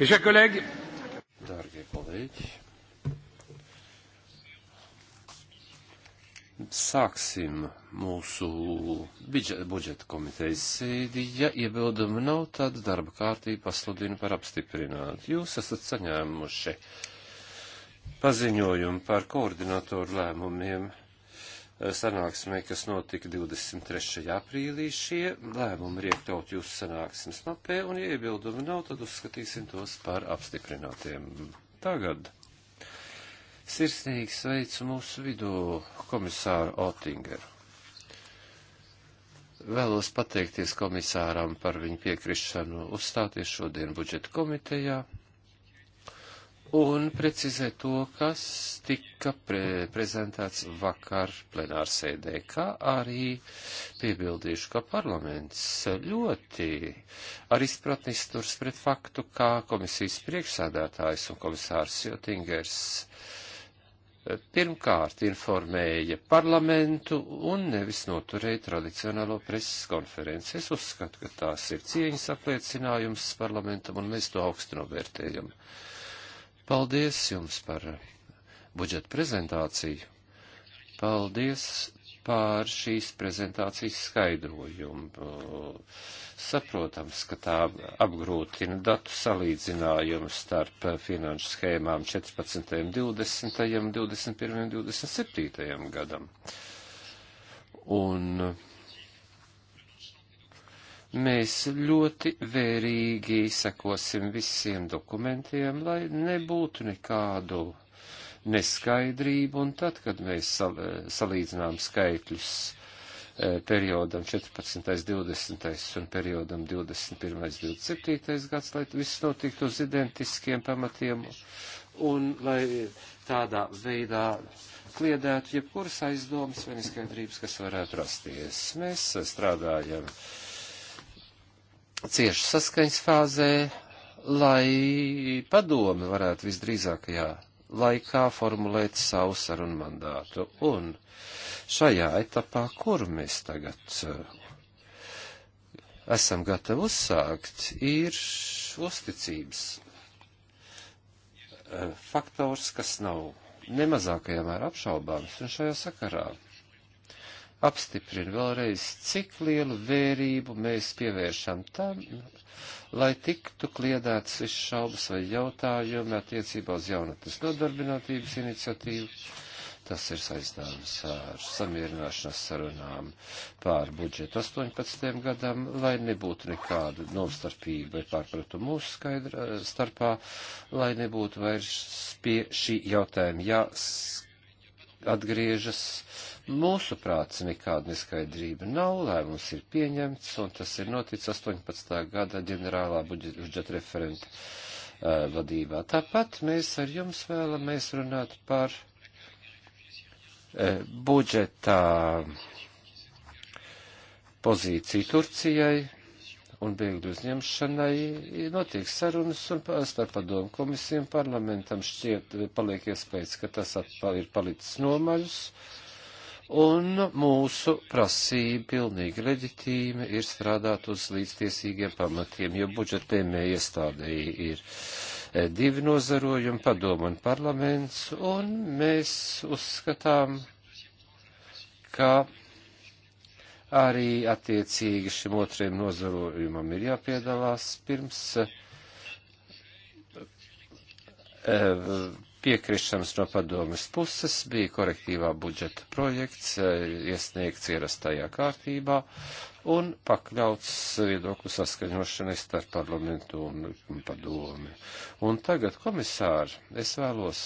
Mes chers collègues, Dārgie kolēģi, sāksim mūsu budžeta komitejas sēdi. Ja iebildumi nav, tad darba kārtība pasludina par apstiprinātu. Jūs esat saņēmuši paziņojumu par koordinatoru lēmumiem sanāksmē, kas notika 23. aprīlī. Šie lēmumi ir iekļaut jūsu sanāksmes mapē, un ja iebildumi nav, tad uzskatīsim tos par apstiprinātiem. Tagad sirsnīgi sveicu mūsu vidū komisāru Otingeru. Vēlos pateikties komisāram par viņu piekrišanu uzstāties šodien budžeta komitejā un precizē to, kas tika pre prezentēts vakar plenārsēdē, kā arī piebildīšu, ka parlaments ļoti ar izpratni sturs pret faktu, kā komisijas priekšsādātājs un komisārs Jotingers eh, pirmkārt informēja parlamentu un nevis noturēja tradicionālo preses konferenci. Es uzskatu, ka tās ir cieņas apliecinājums parlamentam un mēs to augstu novērtējam. No Paldies jums par budžeta prezentāciju. Paldies pār šīs prezentācijas skaidrojumu. Saprotams, ka tā apgrūtina datu salīdzinājumu starp finanšu schēmām 14., 20., 21., 27. gadam. Un Mēs ļoti vērīgi sekosim visiem dokumentiem, lai nebūtu nekādu neskaidrību, un tad, kad mēs sal salīdzinām skaitļus e, periodam 14., 20. un periodam 21., 27. gads, lai viss notiktu uz identiskiem pamatiem un lai tādā veidā kliedētu jebkuras aizdomas vai neskaidrības, kas varētu rasties. Mēs strādājam cieši saskaņas fāzē, lai padomi varētu visdrīzākajā laikā formulēt savu sarunu mandātu. Un šajā etapā, kuru mēs tagad eh, esam gatavi uzsākt, ir uzticības eh, faktors, kas nav nemazākajā mērā apšaubāms un šajā sakarā apstiprina vēlreiz, cik lielu vērību mēs pievēršam tam, lai tiktu kliedēts viss šaubas vai jautājumi attiecībā uz jaunatnes nodarbinātības iniciatīvu. Tas ir saistāms ar samierināšanās sarunām pār budžetu 18. gadam, lai nebūtu nekāda novstarpība vai pārpratu mūsu skaidra starpā, lai nebūtu vairs pie šī jautājuma jāskatās atgriežas. Mūsu prāts nekāda neskaidrība nav, lēmums ir pieņemts, un tas ir noticis 18. gada ģenerālā budžeta referenta uh, vadībā. Tāpat mēs ar jums vēlamies runāt par uh, budžetā pozīciju Turcijai, un bēgļu uzņemšanai notiek sarunas un starp padomu komisijām parlamentam šķiet eh, paliek iespējas, ka tas atpal ir palicis nomaļus. Un mūsu prasība pilnīgi leģitīma ir strādāt uz līdztiesīgiem pamatiem, jo budžetēmē iestādēji ir eh, divi nozarojumi, padomu un parlaments, un mēs uzskatām, ka arī attiecīgi šim otriem nozarojumam ir jāpiedalās pirms eh, piekrišanas no padomas puses bija korektīvā budžeta projekts, eh, iesniegts ierastajā kārtībā un pakļauts viedokļu saskaņošanai starp parlamentu un padomi. Un tagad, komisāri, es vēlos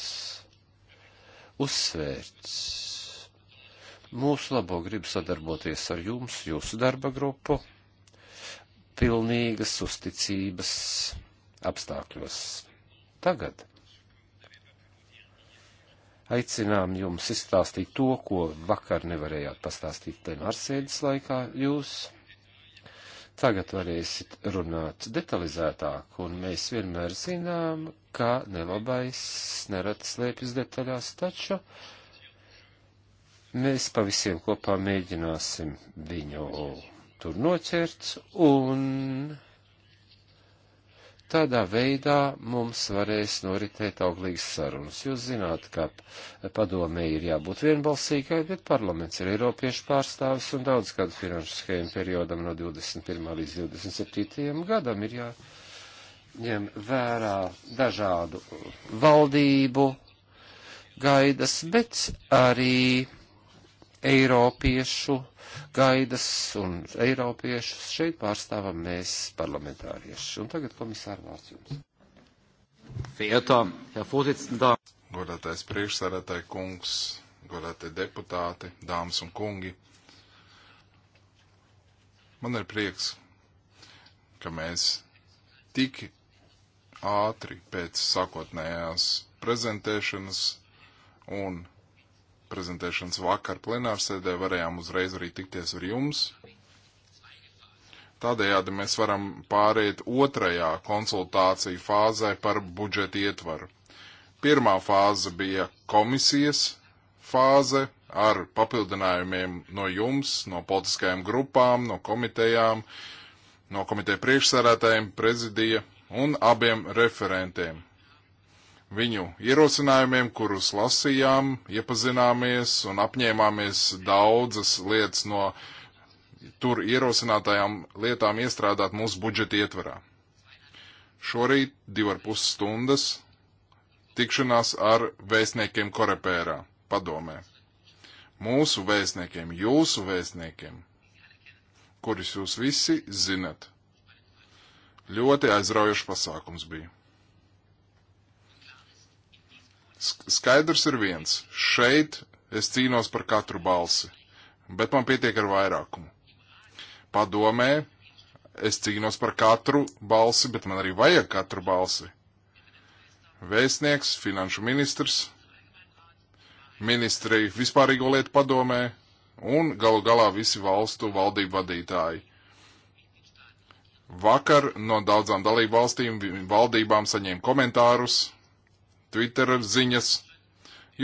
uzsvērt mūsu labo grib sadarboties ar jums, jūsu darba grupu, pilnīgas uzticības apstākļos. Tagad aicinām jums izstāstīt to, ko vakar nevarējāt pastāstīt plenārsēdes laikā jūs. Tagad varēsit runāt detalizētāk, un mēs vienmēr zinām, ka nelabais nerad slēpjas detaļās, taču uh, Mēs pavisiem kopā mēģināsim viņu tur noķert, un tādā veidā mums varēs noritēt auglīgas sarunas. Jūs zināt, ka padomē ir jābūt vienbalsīgai, bet parlaments ir Eiropiešu pārstāvis, un daudz gadu finanšu schēmu periodam no 21. līdz 27. gadam ir jāņem vērā dažādu valdību gaidas, bet arī Eiropiešu gaidas un Eiropiešus šeit pārstāvam mēs parlamentārieši. Un tagad komisāra vārds jums. Fietā, Herr Vorsitzender. Godātais priekšsēdētāji kungs, godātie deputāti, dāmas un kungi. Man ir prieks, ka mēs tik ātri pēc sākotnējās prezentēšanas un prezentēšanas vakar plenārsēdē varējām uzreiz arī tikties ar jums. Tādējādi mēs varam pāriet otrajā konsultāciju fāzē par budžeta ietvaru. Pirmā fāze bija komisijas fāze ar papildinājumiem no jums, no politiskajām grupām, no komitejām, no komiteja priekšsēdētājiem, prezidija un abiem referentiem viņu ierosinājumiem, kurus lasījām, iepazināmies un apņēmāmies daudzas lietas no tur ierosinātajām lietām iestrādāt mūsu budžeta ietverā. Šorīt divar pus stundas tikšanās ar vēstniekiem Korepērā, padomē. Mūsu vēstniekiem, jūsu vēstniekiem, kurus jūs visi zinat. Ļoti aizraujošs pasākums bija. Skaidrs ir viens. Šeit es cīnos par katru balsi, bet man pietiek ar vairākumu. Padomē, es cīnos par katru balsi, bet man arī vajag katru balsi. Vēstnieks, finanšu ministrs, ministri vispārīgo lietu padomē un galu galā visi valstu valdību vadītāji. Vakar no daudzām dalību valstīm valdībām saņēma komentārus Twitter ziņas.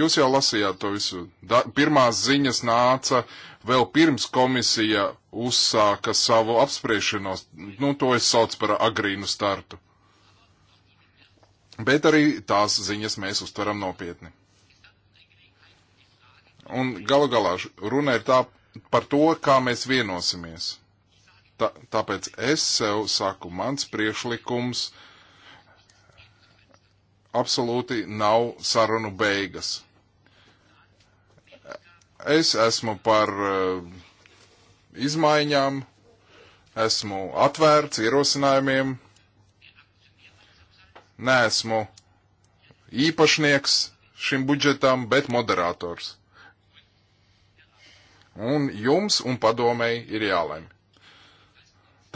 Jūs jau lasījāt to visu. Da, pirmās ziņas nāca vēl pirms komisija uzsāka savu apspriešanos. Nu, to es saucu par agrīnu startu. Bet arī tās ziņas mēs uztveram nopietni. Un galu galā runa ir tā par to, kā mēs vienosimies. Tā, tāpēc es sev saku, mans priekšlikums ir absolūti nav sarunu beigas. Es esmu par eh, izmaiņām, esmu atvērts ierosinājumiem, neesmu īpašnieks šim budžetam, bet moderators. Un jums un padomēji ir jālēm.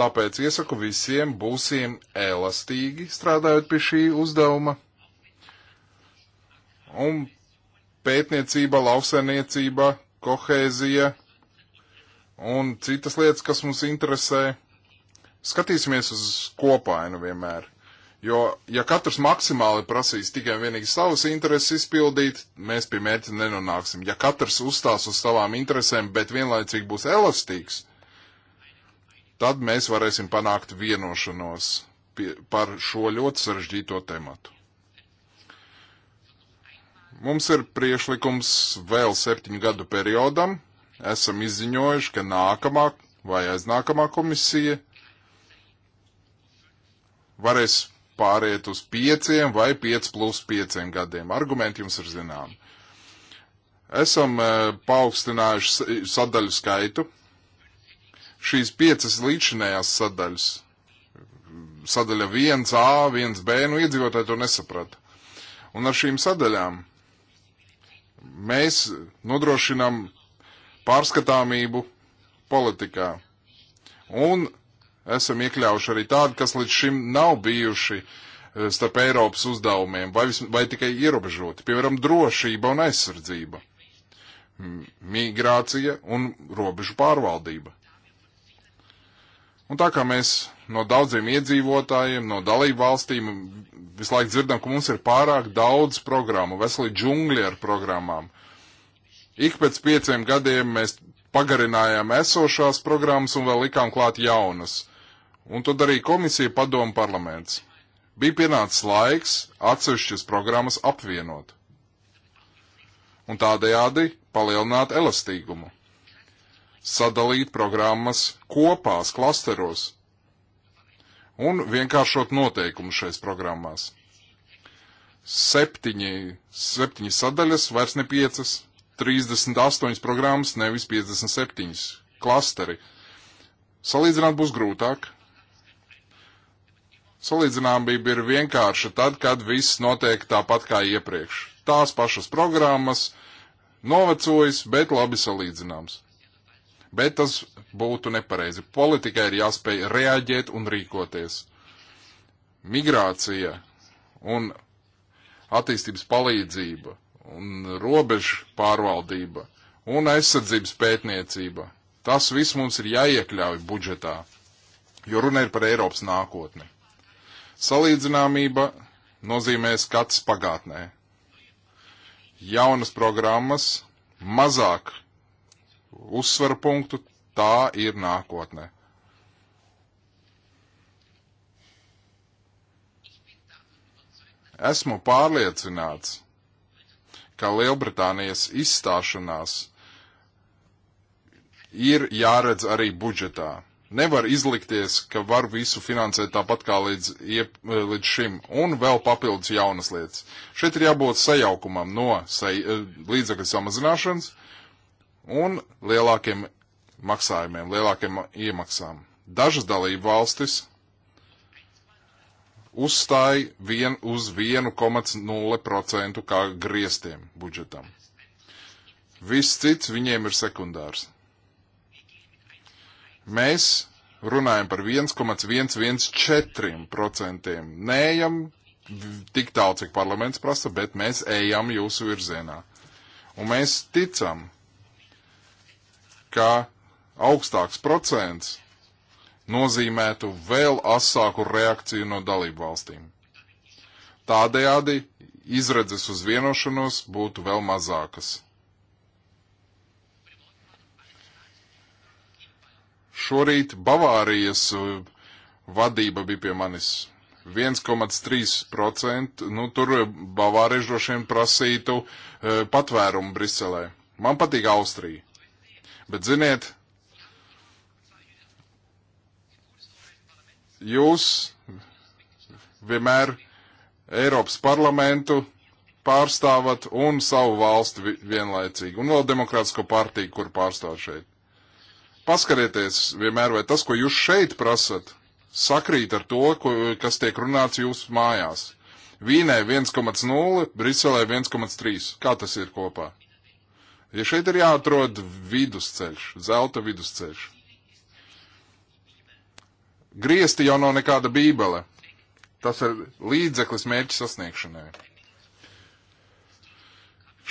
Tāpēc iesaku visiem būsim elastīgi strādājot pie šī uzdevuma un pētniecība, lauksainiecība, kohēzija un citas lietas, kas mums interesē. Skatīsimies uz kopainu vienmēr. Jo, ja katrs maksimāli prasīs tikai un vienīgi savus intereses izpildīt, mēs pie mērķa nenonāksim. Ja katrs uzstās uz savām interesēm, bet vienlaicīgi būs elastīgs, tad mēs varēsim panākt vienošanos pie, par šo ļoti sarežģīto tematu. Mums ir priešlikums vēl septiņu gadu periodam. Esam izziņojuši, ka nākamā vai aiznākamā komisija varēs pāriet uz pieciem vai piec plus pieciem gadiem. Argumenti jums ir zināmi. Esam e, paaugstinājuši sadaļu skaitu. Šīs piecas līdzinējās sadaļas, sadaļa 1A, 1B, nu iedzīvotāji to nesaprata. Un ar šīm sadaļām mēs nodrošinam pārskatāmību politikā. Un esam iekļaujuši arī tādu, kas līdz šim nav bijuši eh, starp Eiropas uzdevumiem, vai, vis, vai tikai ierobežoti, piemēram, drošība un aizsardzība, migrācija un robežu pārvaldība. Un tā kā mēs no daudziem iedzīvotājiem, no dalību valstīm visu laiku dzirdam, ka mums ir pārāk daudz programmu, veseli džungļi ar programmām. Ik pēc pieciem gadiem mēs pagarinājām esošās programmas un vēl likām klāt jaunas. Un to darīja komisija, padomu parlaments. Bija pienācis laiks atsevišķas programmas apvienot. Un tādējādi palielināt elastīgumu sadalīt programmas kopās, klasteros un vienkāršot noteikumus šais programmās. Septiņi, septiņi sadaļas, vairs ne piecas, 38 programmas, nevis 57 klasteri. Salīdzināt būs grūtāk. Salīdzināmība ir vienkārša tad, kad viss notiek tāpat kā iepriekš. Tās pašas programmas novecojas, bet labi salīdzināms. Bet tas būtu nepareizi. Politikai ir jāspēj reaģēt un rīkoties. Migrācija un attīstības palīdzība un robežu pārvaldība un aizsardzības pētniecība. Tas viss mums ir jāiekļauj budžetā, jo runa ir par Eiropas nākotni. Salīdzināmība nozīmē skats pagātnē. Jaunas programmas mazāk uzsvaru punktu, tā ir nākotne. Esmu pārliecināts, ka Lielbritānijas izstāšanās ir jāredz arī budžetā. Nevar izlikties, ka var visu finansēt tāpat kā līdz, iep, līdz šim, un vēl papildus jaunas lietas. Šeit ir jābūt sajaukumam no saj, eh, līdzekļu samazināšanas un lielākiem maksājumiem, lielākiem iemaksām. Dažas dalību valstis uzstāja vien uz 1,0% kā griestiem budžetam. Viss cits viņiem ir sekundārs. Mēs runājam par 1,114%. Neejam tik tālu, cik parlaments prasa, bet mēs ejam jūsu virzienā. Un mēs ticam, ka augstāks procents nozīmētu vēl asāku reakciju no dalību valstīm. Tādējādi izredzes uz vienošanos būtu vēl mazākas. Šorīt Bavārijas uh, vadība bija pie manis 1,3%. Nu, tur Bavārieši droši vien prasītu e, patvērumu Briselē. Man patīk Austrija. Bet ziniet, jūs vienmēr Eiropas parlamentu pārstāvat un savu valsti vienlaicīgi, un vēl demokrātisko partiju, kur pārstāv šeit. Paskarieties vienmēr, vai tas, ko jūs šeit prasat, sakrīt ar to, ko, kas tiek runāts jūsu mājās. Vīnē 1,0, Briselē 1,3. Kā tas ir kopā? Ja šeit ir jāatrod vidusceļš, zelta vidusceļš. Griezti jau nav nekāda bībele. Tas ir līdzeklis mērķa sasniegšanai.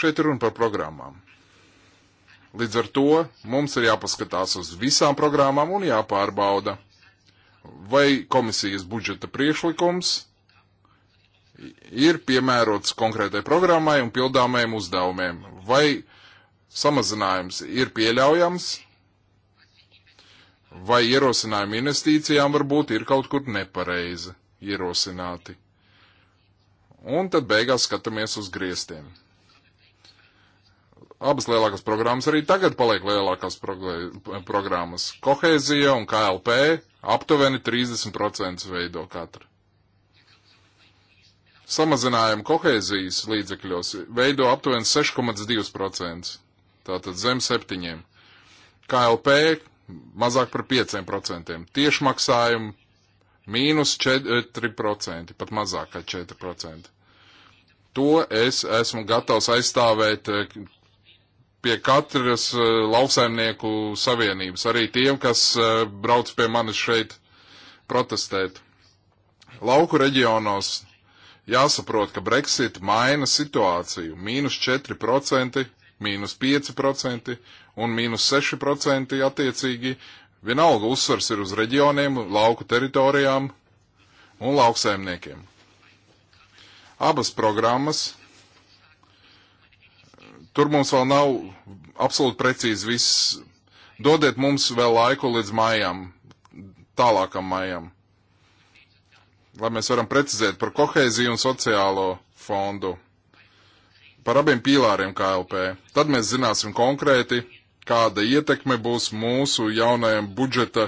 Šeit ir runa par programmām. Līdz ar to mums ir jāpaskatās uz visām programmām un jāpārbauda, vai komisijas budžeta priekšlikums ir piemērots konkrētai programmai un pildāmajiem uzdevumiem, vai samazinājums ir pieļaujams, vai ierosinājumi investīcijām varbūt ir kaut kur nepareizi ierosināti. Un tad beigās skatāmies uz griestiem. Abas lielākās programmas arī tagad paliek lielākās programmas. Kohēzija un KLP aptuveni 30% veido katru. Samazinājumu kohēzijas līdzekļos veido aptuveni 6,2% tātad zem septiņiem. KLP mazāk par 5%, tiešmaksājumi mīnus 4%, pat mazāk kā 4%. To es esmu gatavs aizstāvēt eh, pie katras eh, lauksaimnieku savienības, arī tiem, kas eh, brauc pie manis šeit protestēt. Lauku reģionos jāsaprot, ka Brexit maina situāciju. Mīnus 4% mīnus 5% un mīnus 6% attiecīgi. Vienalga uzsvars ir uz reģioniem, lauku teritorijām un lauksaimniekiem. Abas programmas, tur mums vēl nav absolūti precīzi viss. Dodiet mums vēl laiku līdz mājām, tālākam mājām, lai mēs varam precizēt par kohēziju un sociālo fondu par abiem pīlāriem KLP. Tad mēs zināsim konkrēti, kāda ietekme būs mūsu jaunajam budžeta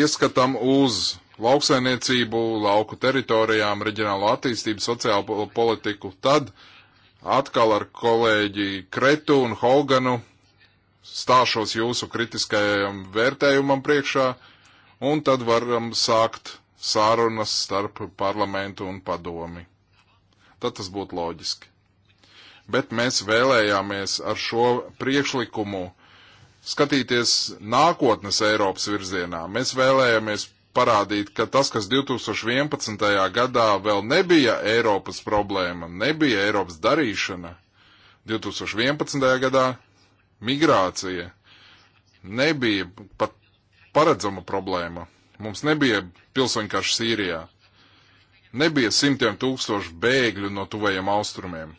ieskatam uz lauksainiecību, lauku teritorijām, reģionālo attīstību, sociālo politiku. Tad atkal ar kolēģi Kretu un Holganu stāšos jūsu kritiskajam vērtējumam priekšā, un tad varam sākt sārunas starp parlamentu un padomi. Tad tas būtu loģiski. Bet mēs vēlējāmies ar šo priekšlikumu skatīties nākotnes Eiropas virzienā. Mēs vēlējāmies parādīt, ka tas, kas 2011. gadā vēl nebija Eiropas problēma, nebija Eiropas darīšana, 2011. gadā migrācija nebija pat paredzama problēma. Mums nebija pilsoņu karš Sīrijā. Nebija simtiem tūkstošu bēgļu no tuvajiem austrumiem.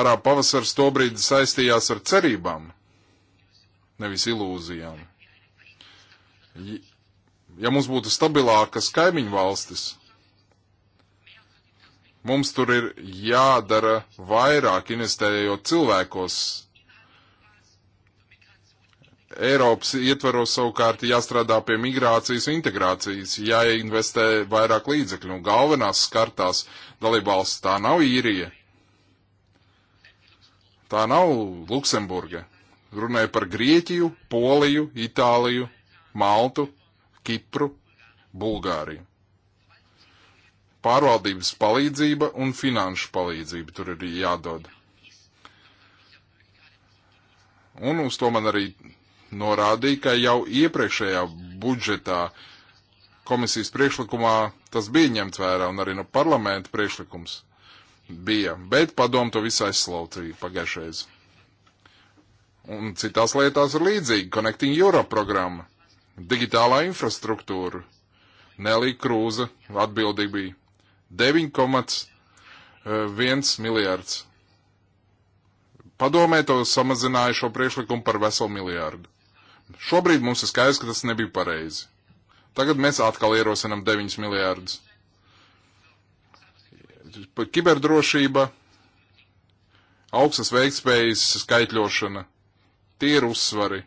Arā pavasars tobrīd saistījās ar cerībām, nevis ilūzijām. Ja mums būtu stabilākas kaimiņu valstis, mums tur ir jādara vairāk investējot cilvēkos, Eiropas ietvaros savukārt jāstrādā pie migrācijas integrācijas, jāinvestē vairāk līdzekļu, un galvenās skartās dalībvalsts tā nav īrija, tā nav Luksemburga. Runāja par Grieķiju, Poliju, Itāliju, Maltu, Kipru, Bulgāriju. Pārvaldības palīdzība un finanšu palīdzība tur ir jādod. Un uz to man arī norādīja, ka jau iepriekšējā budžetā komisijas priekšlikumā tas bija ņemts vērā un arī no parlamenta priekšlikums bija, bet padomu to visu aizslaucīja pagaišreiz. Un citās lietās ir līdzīgi Connecting Europe programma, digitālā infrastruktūra, Nelī Krūza atbildība bija 9,1 eh, miljārds. Padomē to samazināja šo priekšlikumu par veselu miljārdu. Šobrīd mums ir skaidrs, ka tas nebija pareizi. Tagad mēs atkal ierosinam 9 miljārdus. Kiberdrošība, augstas veiktspējas skaitļošana, tie ir uzsvari.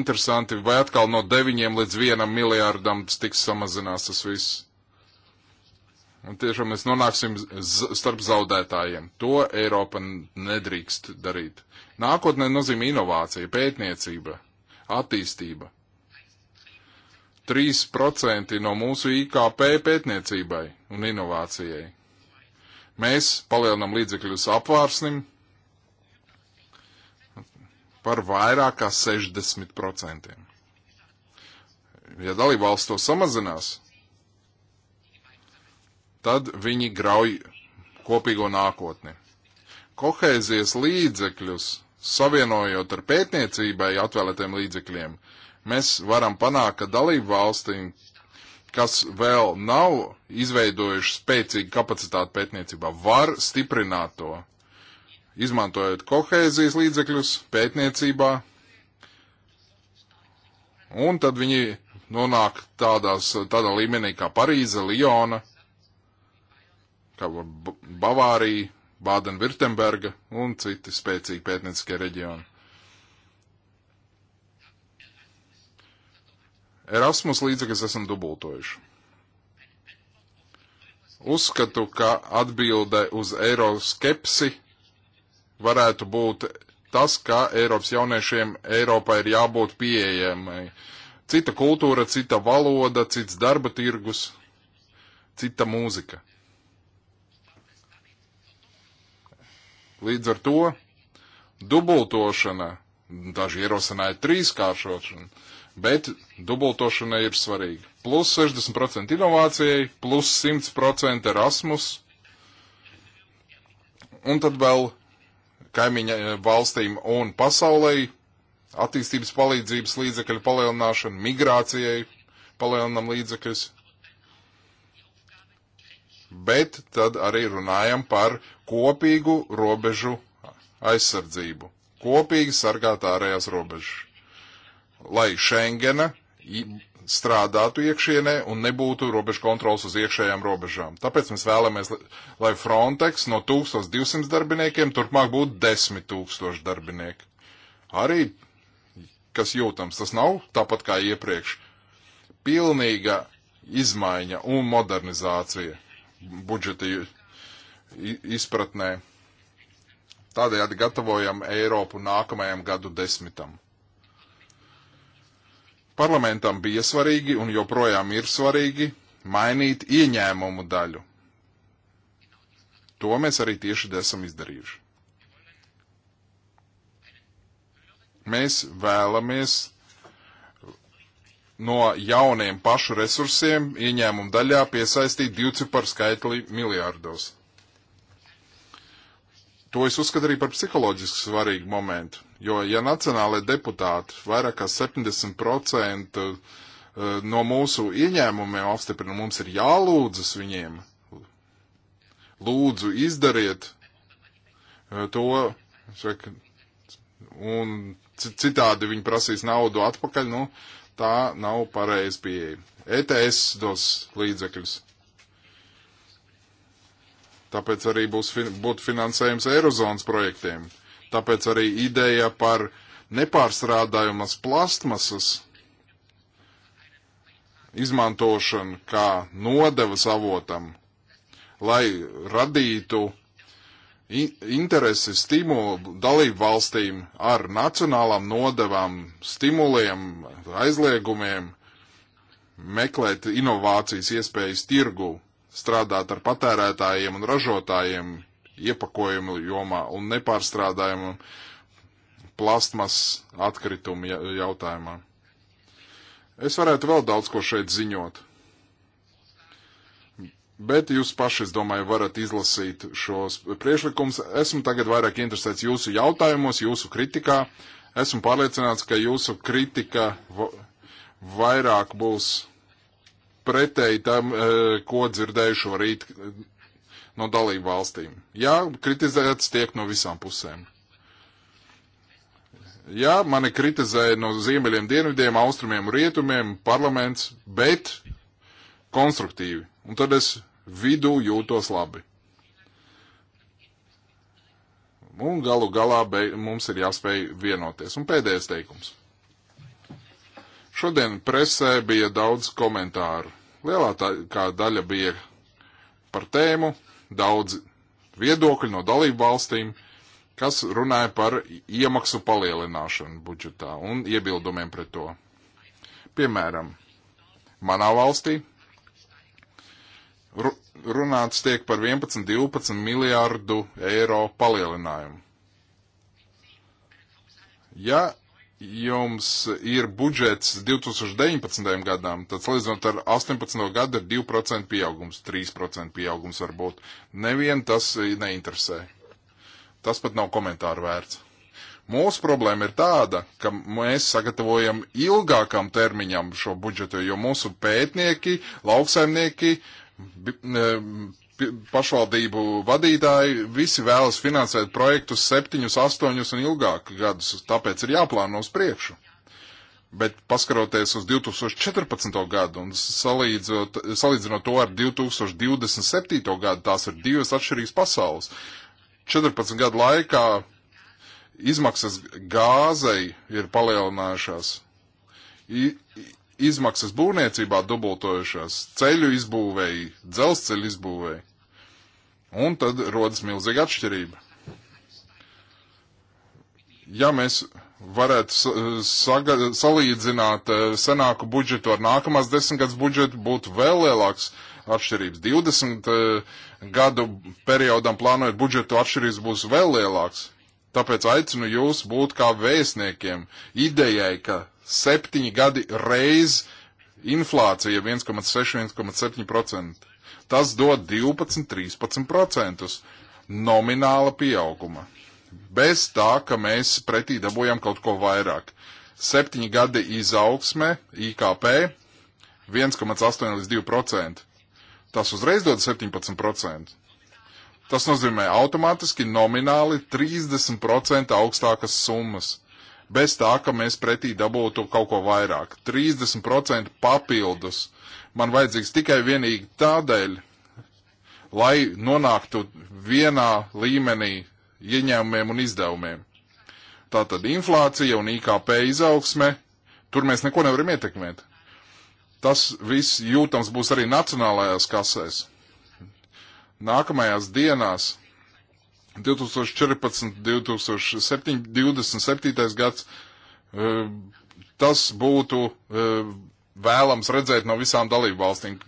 Interesanti, vai atkal no 9 līdz 1 miljārdam tiks samazinās tas viss. Un tiešām mēs nonāksim starp zaudētājiem. To Eiropa nedrīkst darīt. Nākotnē nozīmē inovācija, pētniecība, attīstība. 3% no mūsu IKP pētniecībai un inovācijai. Mēs palielinam līdzekļus apvārsnim par vairāk kā 60%. Ja dalībvalsts to samazinās, tad viņi grauj kopīgo nākotni. Kohēzijas līdzekļus savienojot ar pētniecībai atvēlētiem līdzekļiem, mēs varam panākt, ka dalību valstīm, kas vēl nav izveidojuši spēcīgu kapacitāti pētniecībā, var stiprināt to, izmantojot kohēzijas līdzekļus pētniecībā, un tad viņi nonāk tādās, tādā līmenī kā Parīze, Liona, kā Bavārija, Bādenvirtemberga un citi spēcīgi pētnieciskie reģioni. Erasmus līdzekļus esam dubultojuši. Uzskatu, ka atbilde uz eiroskepsi varētu būt tas, ka Eiropas jauniešiem Eiropā ir jābūt pieejamai. Cita kultūra, cita valoda, cits darba tirgus, cita mūzika. Līdz ar to dubultošana, daži ierosināja trīskāršošanu, bet dubultošana ir svarīga. Plus 60% inovācijai, plus 100% Erasmus, un tad vēl kaimiņa eh, valstīm un pasaulē attīstības palīdzības līdzekļu palielināšana, migrācijai palielinam līdzekļus, bet tad arī runājam par kopīgu robežu aizsardzību. Kopīgi sargāt ārējās robežas. Lai Schengena strādātu iekšienē un nebūtu robežu kontrols uz iekšējām robežām. Tāpēc mēs vēlamies, lai Frontex no 1200 darbiniekiem turpmāk būtu 10 tūkstoši darbinieki. Arī, kas jūtams, tas nav tāpat kā iepriekš. Pilnīga izmaiņa un modernizācija budžeta izpratnē. Tādējādi gatavojam Eiropu nākamajam gadu desmitam. Parlamentam bija svarīgi un joprojām ir svarīgi mainīt ieņēmumu daļu. To mēs arī tieši esam izdarījuši. Mēs vēlamies no jauniem pašu resursiem ieņēmumu daļā piesaistīt divciparu skaitli miljārdos. To es uzskatu arī par psiholoģiski svarīgu momentu, jo ja nacionālai deputāti vairāk kā 70% eh, no mūsu ieņēmumiem apstiprina, mums ir jālūdzas viņiem. Lūdzu, izdariet eh, to, un citādi viņi prasīs naudu atpakaļ, nu, no, Tā nav pareiza pieeja. ETS dos līdzekļus. Tāpēc arī būs, būtu finansējums Eirozonas projektiem. Tāpēc arī ideja par nepārstrādājumas plastmasas izmantošanu kā nodevas avotam, lai radītu interesi, stimulu dalību valstīm ar nacionālām nodevām, stimuliem, aizliegumiem, meklēt inovācijas iespējas tirgu, strādāt ar patērētājiem un ražotājiem iepakojumu jomā un nepārstrādājumu plastmas atkritumu jautājumā. Es varētu vēl daudz ko šeit ziņot, Bet jūs paši, es domāju, varat izlasīt šos priešlikumus. Esmu tagad vairāk interesēts jūsu jautājumos, jūsu kritikā. Esmu pārliecināts, ka jūsu kritika vairāk būs pretēji tam, e, ko dzirdēju šorīt e, no dalību valstīm. Jā, kritizēts tiek no visām pusēm. Jā, mani kritizēja no ziemeļiem, dienvidiem, austrumiem, rietumiem, parlaments, bet konstruktīvi. Un tad es vidū jūtos labi. Un galu galā mums ir jāspēj vienoties. Un pēdējais teikums. Šodien presē bija daudz komentāru. Lielākā daļa bija par tēmu, daudz viedokļu no dalību valstīm, kas runāja par iemaksu palielināšanu budžetā un iebildumiem pret to. Piemēram, manā valstī runāts tiek par 11-12 miljārdu eiro palielinājumu. Ja jums ir budžets 2019. gadam, tad salīdzinot ar 18. gadu ir 2% pieaugums, 3% pieaugums varbūt. Nevien tas neinteresē. Tas pat nav komentāru vērts. Mūsu problēma ir tāda, ka mēs sagatavojam ilgākam termiņam šo budžetu, jo mūsu pētnieki, lauksaimnieki uh, pašvaldību vadītāji visi vēlas finansēt projektus septiņus, astoņus un ilgāk gadus, tāpēc ir jāplāno uz priekšu. Bet paskaroties uz 2014. gadu un salīdzot, salīdzinot to ar 2027. gadu, tās ir divas atšķirīgas pasaules. 14 gadu laikā izmaksas gāzei ir palielinājušās. I izmaksas būvniecībā dubultojušās ceļu izbūvēji, dzelzceļu izbūvēji. Un tad rodas milzīga atšķirība. Ja mēs varētu saga, salīdzināt eh, senāku budžetu ar nākamās desmitgads budžetu, būtu vēl lielāks atšķirības. 20 eh, gadu periodam plānojot budžetu atšķirības būs vēl lielāks. Tāpēc aicinu jūs būt kā vēstniekiem idejai, ka septiņi gadi reiz inflācija 1,6-1,7%. Tas dod 12-13% nomināla pieauguma. Bez tā, ka mēs pretī dabūjam kaut ko vairāk. Septiņi gadi izaugsme IKP 1,8 līdz 2%. Tas uzreiz dod 17%. Tas nozīmē automātiski nomināli 30% augstākas summas bez tā, ka mēs pretī dabūtu kaut ko vairāk. 30% papildus man vajadzīgs tikai vienīgi tādēļ, lai nonāktu vienā līmenī ieņēmumiem un izdevumiem. Tātad inflācija un IKP izaugsme, tur mēs neko nevaram ietekmēt. Tas viss jūtams būs arī nacionālajās kasēs. Nākamajās dienās 2014, 2027, 2027. gads, e, tas būtu e, vēlams redzēt no visām dalību valstīm.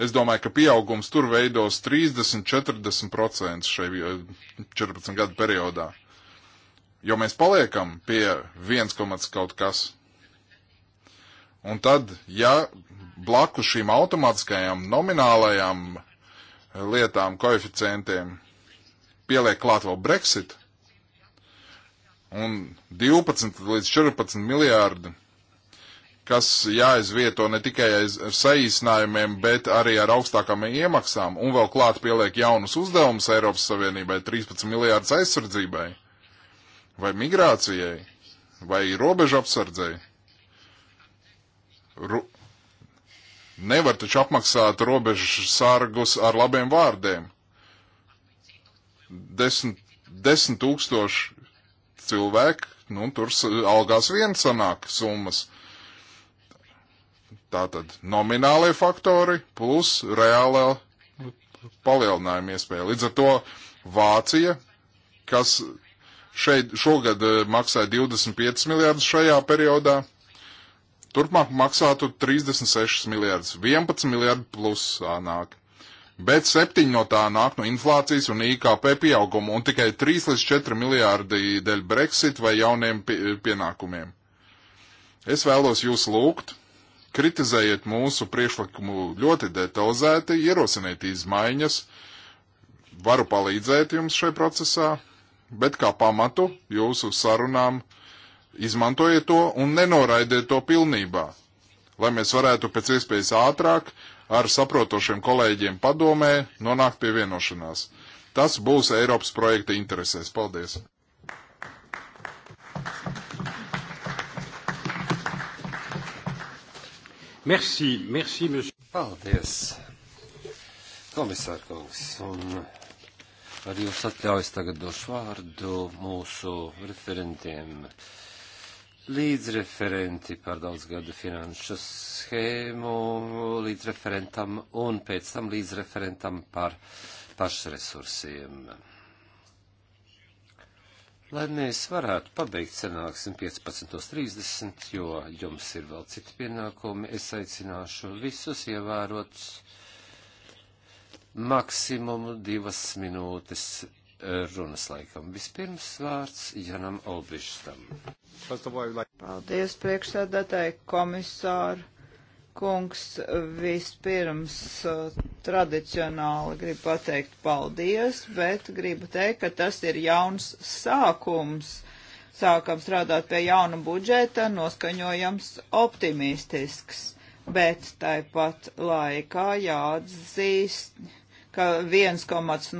Es domāju, ka pieaugums tur veidos 30-40% šai 14 e, gadu periodā. Jo mēs paliekam pie 1, kaut kas. Un tad, ja blakus šīm automātiskajām nominālajām lietām, koeficientiem, pieliek klāt vēl Brexit un 12 līdz 14 miljārdi, kas jāizvieto ne tikai ar saīsinājumiem, bet arī ar augstākām iemaksām, un vēl klāt pieliek jaunus uzdevumus Eiropas Savienībai, 13 miljārdus aizsardzībai, vai migrācijai, vai robežu apsardzēji. Ru Nevar taču apmaksāt robežu sargus ar labiem vārdiem desmit, desmit tūkstoši cilvēki, nu, tur algās vien sanāk summas. Tātad nominālie faktori plus reālā palielinājuma iespēja. Līdz ar to Vācija, kas šeit šogad eh, maksāja 25 miljārdus šajā periodā, turpmāk maksātu 36 miljārdus, 11 miljārdu plus nāk bet septiņi no tā nāk no inflācijas un IKP pieauguma, un tikai 3 līdz 4 miljārdi dēļ Brexit vai jauniem pienākumiem. Es vēlos jūs lūgt, kritizējiet mūsu priekšlikumu ļoti detalizēti, ierosiniet izmaiņas, varu palīdzēt jums šajā procesā, bet kā pamatu jūsu sarunām izmantojiet to un nenoraidiet to pilnībā, lai mēs varētu pēc iespējas ātrāk uh, ar saprotošiem kolēģiem padomē nonākt pie vienošanās. Tas būs Eiropas projekta interesēs. Paldies! Merci, merci, monsieur. Paldies, komisār kungs. Un ar jūs atļaujas tagad došu vārdu mūsu referentiem līdzreferenti par daudzgadu finanšu schēmu, līdzreferentam un pēc tam līdzreferentam par pašresursiem. Lai mēs varētu pabeigt sanāksim 15.30, jo jums ir vēl citi pienākumi, es aicināšu visus ievērot maksimumu divas minūtes runas laikam. Vispirms vārds Janam Olbrišstam. Paldies, priekšsēdētāji komisāri. Kungs, vispirms eh, tradicionāli gribu pateikt paldies, bet gribu teikt, ka tas ir jauns sākums. Sākam strādāt pie jauna budžeta, noskaņojams optimistisks, bet tāpat laikā jāatzīst ka 1,0, 1,3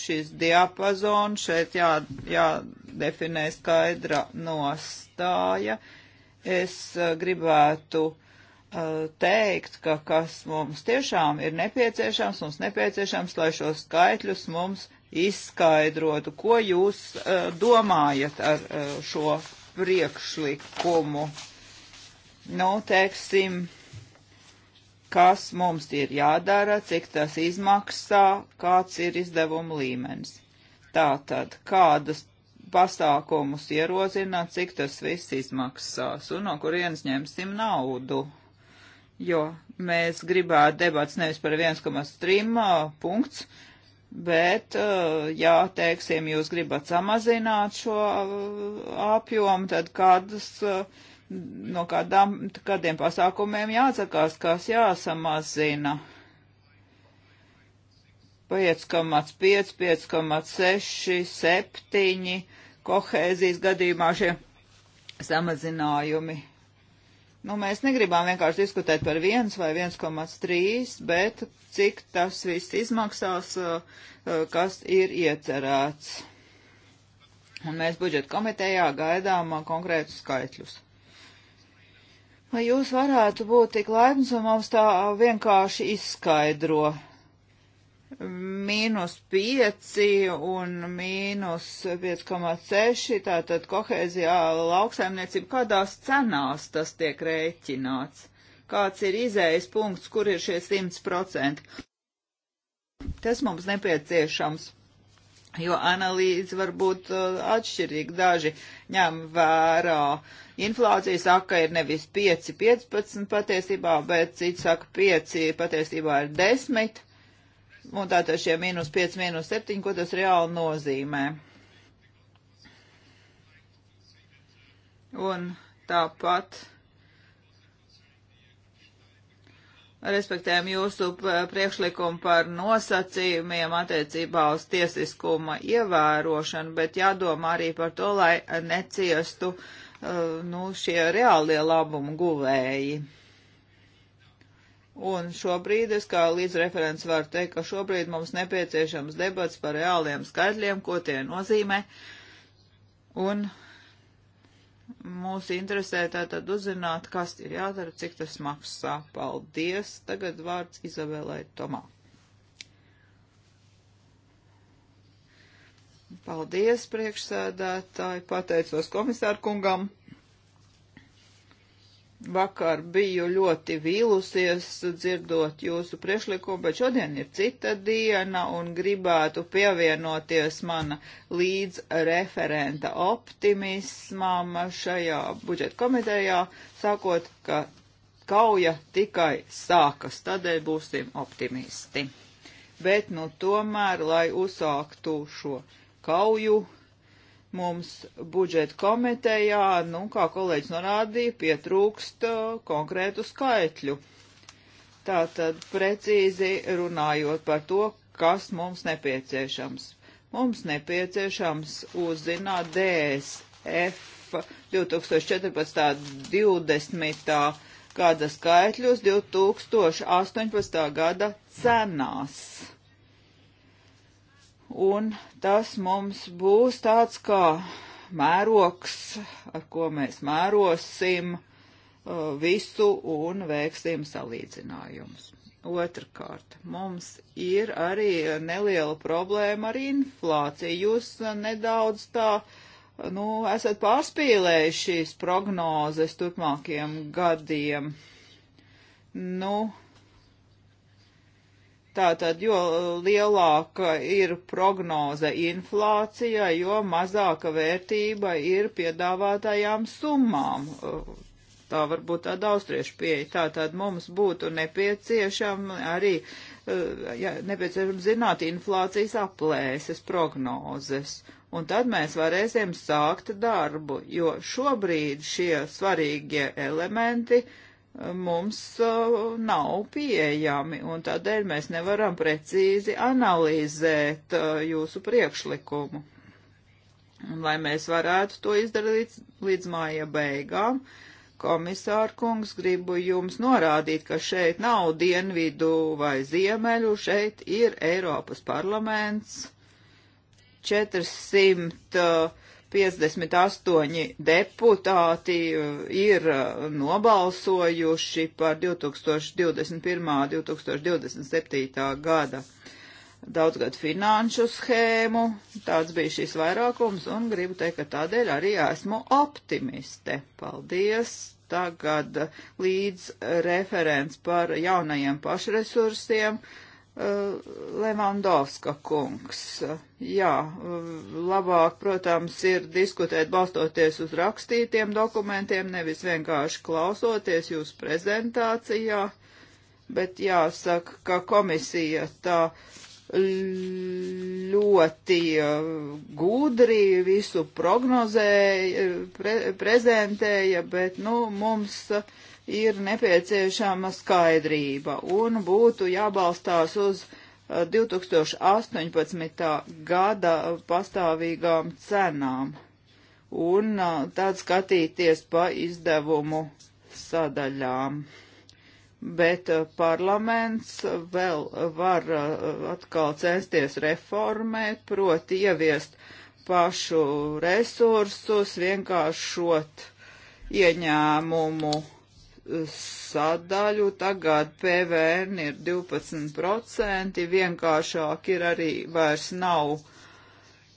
šis diapazons šeit jā, jādefinē skaidra nostāja. Es eh, gribētu eh, teikt, ka kas mums tiešām ir nepieciešams, mums nepieciešams, lai šos skaitļus mums izskaidrotu, ko jūs uh, domājat ar uh, šo priekšlikumu. Nu, teiksim, uh, kas mums ir jādara, cik tas izmaksā, kāds ir izdevuma līmenis. Tātad, kādas pasākumus ierozināt, cik tas viss izmaksās un no kurienes ņemsim naudu. Jo mēs gribētu debats nevis par 1,3 punkts, bet, ja, teiksim, jūs gribat samazināt šo apjomu, tad kādas uh, no kādām, kādiem pasākumiem jāatsakās, kas jāsamazina. Pa 5,5, 5,6, 7 kohēzijas gadījumā šie samazinājumi. Nu, mēs negribam vienkārši diskutēt par 1 vai 1,3, bet cik tas viss izmaksās, kas ir iecerēts. Un mēs budžeta komitejā gaidām konkrētus skaitļus. Vai jūs varētu būt tik laipns un mums tā vienkārši izskaidro? Mīnus 5 un mīnus 5,6, tātad kohēzijā lauksaimniecība, kādās cenās tas tiek rēķināts? Kāds ir izējas punkts, kur ir šie 100%? Tas mums nepieciešams jo analīze var būt uh, atšķirīga. Daži ņem vērā inflāciju, saka, ir nevis 5, 15 patiesībā, bet citi saka 5, patiesībā ir 10. Un tātad šie mīnus 5, mīnus 7, ko tas reāli nozīmē. Un tāpat respektējam jūsu uh, priekšlikumu par nosacījumiem attiecībā uz tiesiskuma ievērošanu, bet jādomā arī par to, lai neciestu uh, nu, šie reālie labumu guvēji. Un šobrīd es kā līdzreferents varu teikt, ka šobrīd mums nepieciešams debats par reāliem skaitļiem, ko tie nozīmē. Un uh, Mūs interesē tātad uzzināt, kas ir jādara, cik tas maksā. Paldies! Tagad vārds Izabelai Tomā. Paldies, priekšsēdētāji, pateicos komisāru kungam. Vakar biju ļoti vīlusies dzirdot jūsu priekšlikumu, bet šodien ir cita diena un gribētu pievienoties mana līdz referenta optimismam šajā budžeta komitejā, sakot, ka kauja tikai sākas, tādēļ būsim optimisti. Bet nu tomēr, lai uzsāktu šo kauju, mums budžeta komitejā, nu, kā kolēģis norādīja, pietrūkst uh, konkrētu skaitļu. Tātad precīzi runājot par to, kas mums nepieciešams. Mums nepieciešams uzzināt DSF 2014.20. gada skaitļus 2018. gada cenās un tas mums būs tāds kā mēroks, ar ko mēs mērosim uh, visu un veiksim salīdzinājumus. Otrakārt, mums ir arī neliela problēma ar inflāciju. Jūs nedaudz tā, nu, esat pārspīlējuši šīs prognozes turpmākajiem gadiem. Nu, Tātad, jo lielāka ir prognoze inflācija, jo mazāka vērtība ir piedāvātajām summām. Tā varbūt tāda austriešu pieeja. Tātad mums būtu nepieciešama arī, eh, ja, nepieciešama zināt inflācijas aplēses prognozes. Un tad mēs varēsim sākt darbu, jo šobrīd šie svarīgie elementi uh, mums uh, nav pieejami, un tādēļ mēs nevaram precīzi analizēt uh, jūsu priekšlikumu. Un, lai mēs varētu to izdarīt līdz māja beigām, komisāra kungs, gribu jums norādīt, ka šeit nav dienvidu vai ziemeļu, šeit ir Eiropas parlaments 400 58 deputāti uh, ir uh, nobalsojuši par 2021. 2027. gada daudzgadu finanšu schēmu. Tāds bija šis vairākums, un gribu teikt, ka tādēļ arī esmu optimiste. Paldies! Tagad uh, līdz referents par jaunajiem pašresursiem Eh, Levandovska kungs. Jā, eh, labāk, protams, ir diskutēt balstoties uz rakstītiem dokumentiem, nevis vienkārši klausoties jūsu prezentācijā, bet jāsaka, ka komisija tā ļoti eh, gudri visu prognozēja, pre prezentēja, bet, nu, mums uh, ir nepieciešama skaidrība un būtu jābalstās uz 2018. Uh, gada pastāvīgām cenām un uh, tad skatīties pa izdevumu sadaļām. Bet uh, parlaments vēl var atkal censties reformēt, proti ieviest pašu resursus, vienkāršot ieņēmumu sadaļu. Tagad PVN ir 12%, vienkāršāk ir arī vairs nav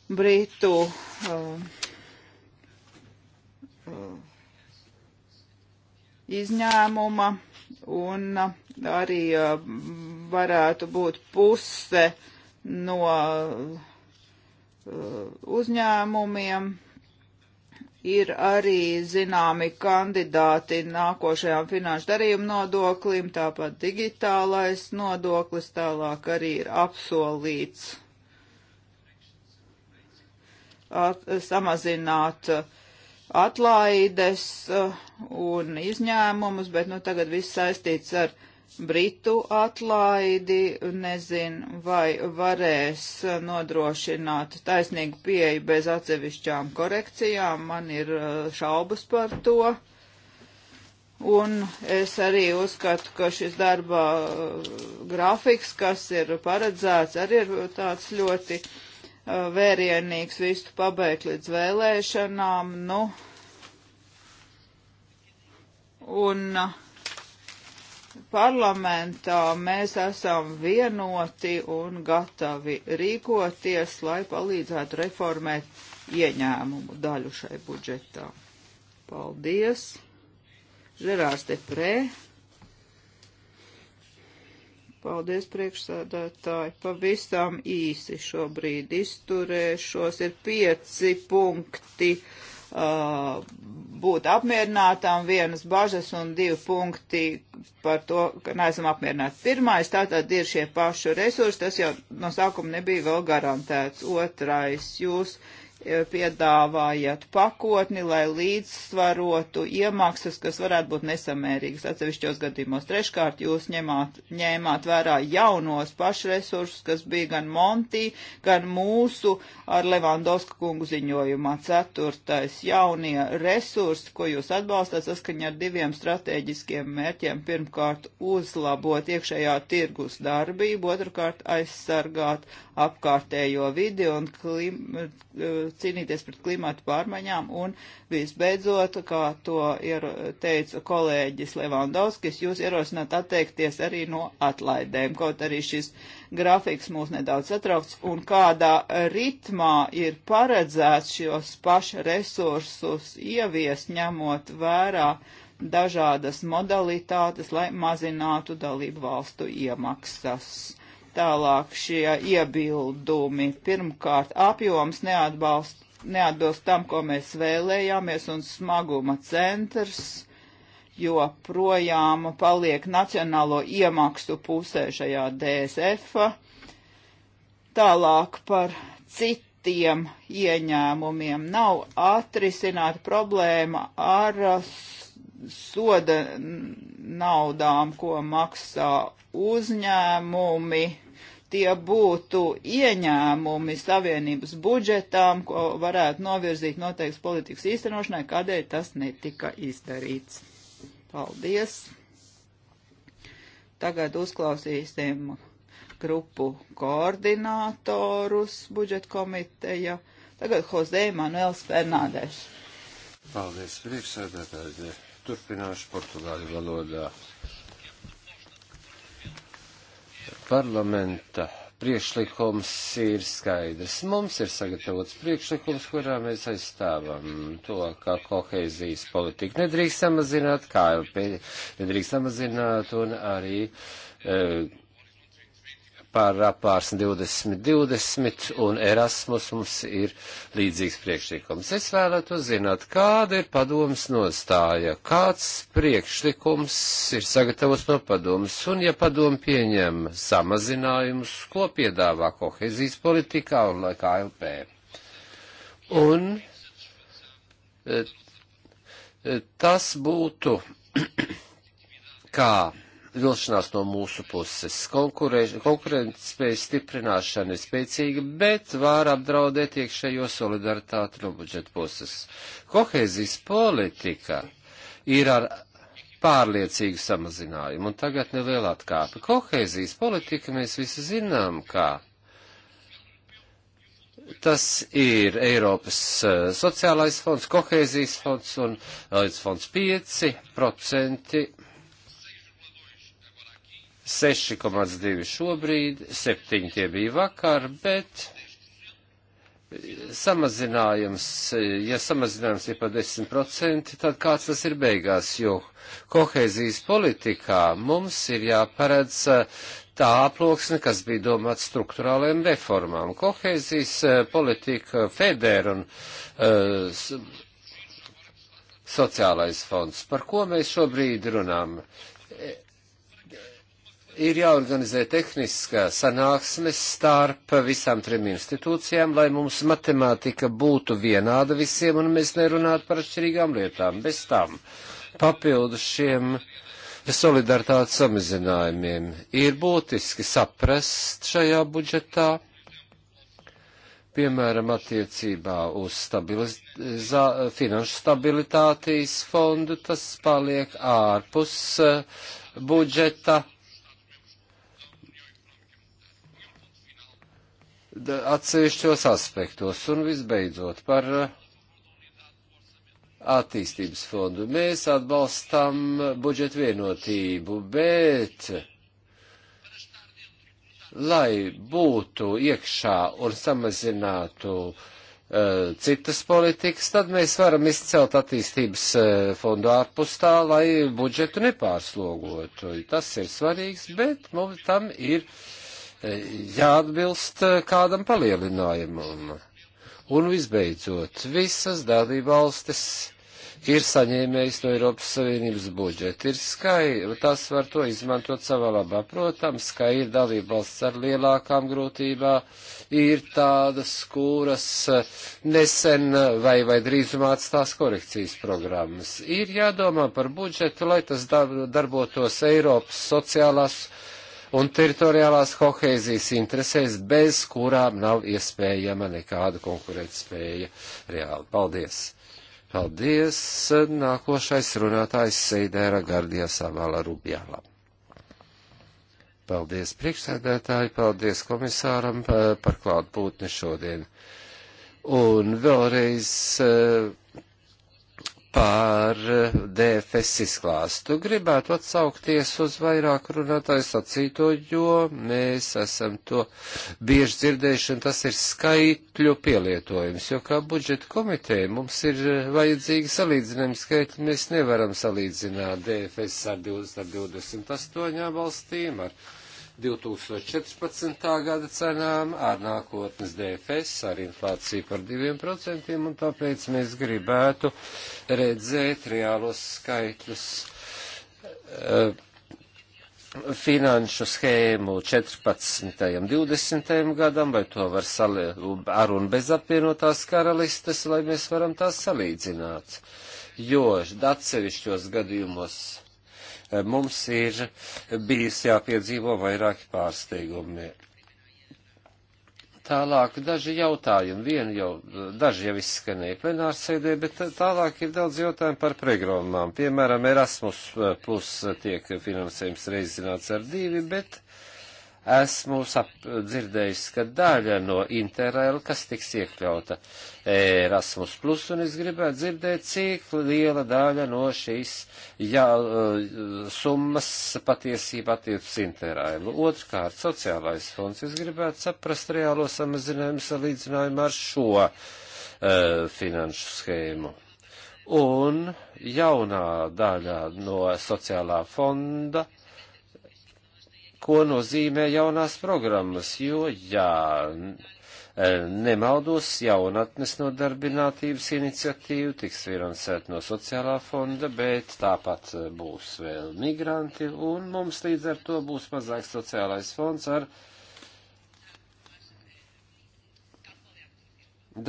Britu uh, izņēmuma un uh, arī uh, varētu būt puse no uh, uzņēmumiem ir arī zināmi kandidāti nākošajām finanšu darījumu nodoklim, tāpat digitālais nodoklis tālāk arī ir apsolīts at, samazināt uh, atlaides uh, un izņēmumus, bet nu tagad viss saistīts ar Britu atlaidi, nezinu, vai varēs nodrošināt taisnīgu pieeju bez atsevišķām korekcijām, man ir uh, šaubas par to. Un es arī uzskatu, ka šis darba uh, grafiks, kas ir paredzēts, arī ir tāds ļoti uh, vērienīgs visu pabeigt līdz vēlēšanām, nu, un uh, parlamentā mēs esam vienoti un gatavi rīkoties, lai palīdzētu reformēt ieņēmumu daļu šai budžetā. Paldies! Žerārs Deprē. Paldies, priekšsādātāji. Pavisam īsi šobrīd izturēšos. Ir pieci punkti. Uh, uh, būt apmierinātām, vienas bažas un divi punkti par to, ka neesam apmierināti. Pirmais tātad ir šie paši resursi, tas jau no sākuma nebija vēl garantēts. Otrais, jūs piedāvājat pakotni, lai līdzsvarotu iemaksas, kas varētu būt nesamērīgas atsevišķos gadījumos. Treškārt, jūs ņemāt, ņēmāt vērā jaunos pašresursus, kas bija gan Monti, gan mūsu ar Levandovska kungu ziņojumā. Ceturtais, jaunie resursi, ko jūs atbalstāt saskaņā ar diviem strateģiskiem mērķiem. Pirmkārt, uzlabot iekšējā tirgus darbību, otrkārt, aizsargāt apkārtējo vidi un klim, cīnīties pret klimatu pārmaiņām un visbeidzot, kā to ir teica kolēģis Levandovskis, jūs ierosināt atteikties arī no atlaidēm, kaut arī šis grafiks mūs nedaudz satraukts un kādā ritmā ir paredzēts šos pašu resursus ievies ņemot vērā dažādas modalitātes, lai mazinātu dalību valstu iemaksas tālāk šie iebildumi. Pirmkārt, apjoms neatbalst, neatbilst tam, ko mēs vēlējāmies, un smaguma centrs jo projām paliek nacionālo iemaksu pusē šajā DSF. Tālāk par citiem ieņēmumiem nav atrisināta problēma ar soda naudām, ko maksā uzņēmumi tie būtu ieņēmumi savienības budžetām, ko varētu novirzīt noteikts politikas īstenošanai, kādēļ tas netika izdarīts. Paldies! Tagad uzklausīsim grupu koordinātorus budžeta komiteja. Tagad Jose Manuels Fernandes. Paldies, priekšsēdētāji. Turpināšu portugāļu valodā. parlamenta priekšlikums ir skaidrs. Mums ir sagatavots priekšlikums, kurā mēs aizstāvam to, ka koheizijas politika nedrīkst samazināt, KLP nedrīkst samazināt un arī. Uh, e, par apārsni 2020 un Erasmus mums ir līdzīgs priekšlikums. Es vēlētu zināt, kāda ir padomas nostāja, kāds priekšlikums ir sagatavots no padomas, un ja padomu pieņem samazinājumus, ko piedāvā kohezijas politikā un laikā LP. Un eh, eh, tas būtu kā vilšanās no mūsu puses. Konkurētspējas stiprināšana ir spēcīga, bet var apdraudēt iekšējo solidaritāti no budžeta puses. Kohēzijas politika ir ar pārliecīgu samazinājumu, un tagad neliela atkāpe. Kohēzijas politika mēs visi zinām, kā. Tas ir Eiropas eh, sociālais fonds, kohēzijas fonds un līdz eh, fonds 5% 6,2 šobrīd, 7 tie bija vakar, bet samazinājums, ja samazinājums ir par 10%, tad kāds tas ir beigās, jo kohēzijas politikā mums ir jāparedz eh, tā aploksne, kas bija domāta struktūrālajām reformām. Kohēzijas eh, politika Feder un uh, sociālais fonds, par ko mēs šobrīd runām ir jāorganizē tehniskā sanāksmes starp visām trim institūcijām, lai mums matemātika būtu vienāda visiem un mēs nerunātu par atšķirīgām lietām. Bez tam papildus šiem solidaritātes samazinājumiem ir būtiski saprast šajā budžetā piemēram, attiecībā uz stabilizā, finanšu stabilitātes fondu, tas paliek ārpus eh, budžeta atsevišķos aspektos. Un visbeidzot par eh, attīstības fondu. Mēs atbalstam budžetu vienotību, bet lai būtu iekšā un samazinātu uh, citas politikas, tad mēs varam izcelt attīstības eh, fondu ārpus tā, lai budžetu nepārslogotu. Tas ir svarīgs, bet mums tam ir uh, jāatbilst eh, kādam palielinājumam. Un visbeidzot, visas dalībvalstis ir saņēmējis no Eiropas Savienības budžeta. Ir skaidrs, tas var to izmantot savā labā. Protams, ka ir dalībvalsts ar lielākām grūtībām, ir tādas, kuras eh, nesen vai, vai drīzumā atstās korekcijas programmas. Ir jādomā par budžetu, lai tas darbotos Eiropas sociālās un teritoriālās kohēzijas interesēs, bez kurām nav iespējama nekāda konkurētspēja reāli. Paldies! Paldies! Nākošais runātājs Seidēra Gardijā Savāla Rubjālā. Paldies priekšsēdētāji, paldies komisāram eh, par klātbūtni šodien. Un vēlreiz eh, par eh, DFS izklāstu. Gribētu atsaukties uz vairāk runātāju sacīto, jo mēs esam to bieži dzirdējuši, un tas ir skaitļu pielietojums, jo kā budžeta komiteja mums ir eh, vajadzīgi salīdzinājumi skaitļi, mēs nevaram salīdzināt DFS ar 28 valstīm, ar 2014. gada cenām, ar nākotnes DFS, ar inflāciju par 2%, un tāpēc mēs gribētu redzēt reālos skaitļus eh, finanšu schēmu 14. un 20. gadam, vai to var sali, ar un bez apvienotās karalistes, lai mēs varam tās salīdzināt. Jo atsevišķos gadījumos mums ir bijis jāpiedzīvo vairāki pārsteigumi. Tālāk daži jautājumi, vienu jau, daži jau izskanēja plenārsēdē, bet tālāk ir daudz jautājumu par programmām. Piemēram, Erasmus eh, plus tiek finansējums reizināts ar divi, bet esmu dzirdējis, ka daļa no Interrail, kas tiks iekļauta Erasmus Plus, un es gribētu dzirdēt, cik liela daļa no šīs jā, summas patiesībā attiecas Interrailu. Otrkārt, sociālais fonds, es gribētu saprast reālo samazinājumu salīdzinājumu ar šo uh, finanšu schēmu. Un jaunā daļā no sociālā fonda uh, ko nozīmē jaunās programmas, jo, jā, e, nemaldos, jaunatnes nodarbinātības iniciatīva tiks finansēta no sociālā fonda, bet tāpat e, būs vēl migranti, un mums līdz ar to būs mazāks sociālais fonds ar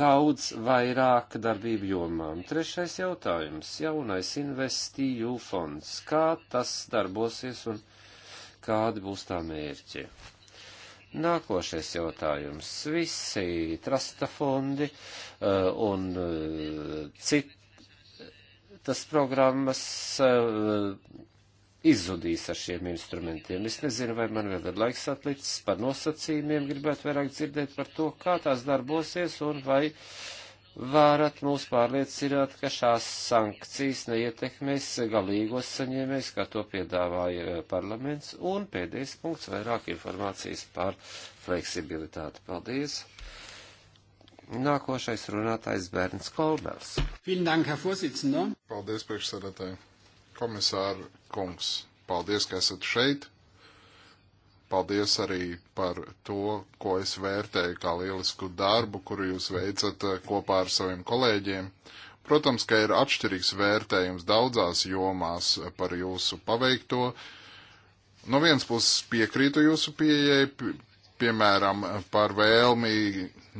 daudz vairāk darbību jomām. Trešais jautājums - jaunais investīju fonds. Kā tas darbosies un kādi būs tā mērķi. Nākošais jautājums. Visi trasta fondi uh, un uh, citas programmas uh, izzudīs ar šiem instrumentiem. Es nezinu, vai man vēl ir laiks atlicis par nosacījumiem, gribētu vairāk dzirdēt par to, kā tās darbosies un vai uh, varat mūs pārliecināt, ka šās sankcijas neietekmēs galīgos saņēmējs, kā to piedāvāja eh, parlaments, un pēdējais punkts - vairāk informācijas par fleksibilitāti. Paldies! Nākošais runātājs Bērns Kolmels. Paldies, priekšsēdētāji. Komisāra kungs, paldies, ka esat šeit. Paldies arī par to, ko es vērtēju kā lielisku darbu, kuru jūs veicat eh, kopā ar saviem kolēģiem. Protams, ka ir atšķirīgs vērtējums daudzās jomās par jūsu paveikto. No vienas puses piekrītu jūsu pieejai, piemēram, par vēlmi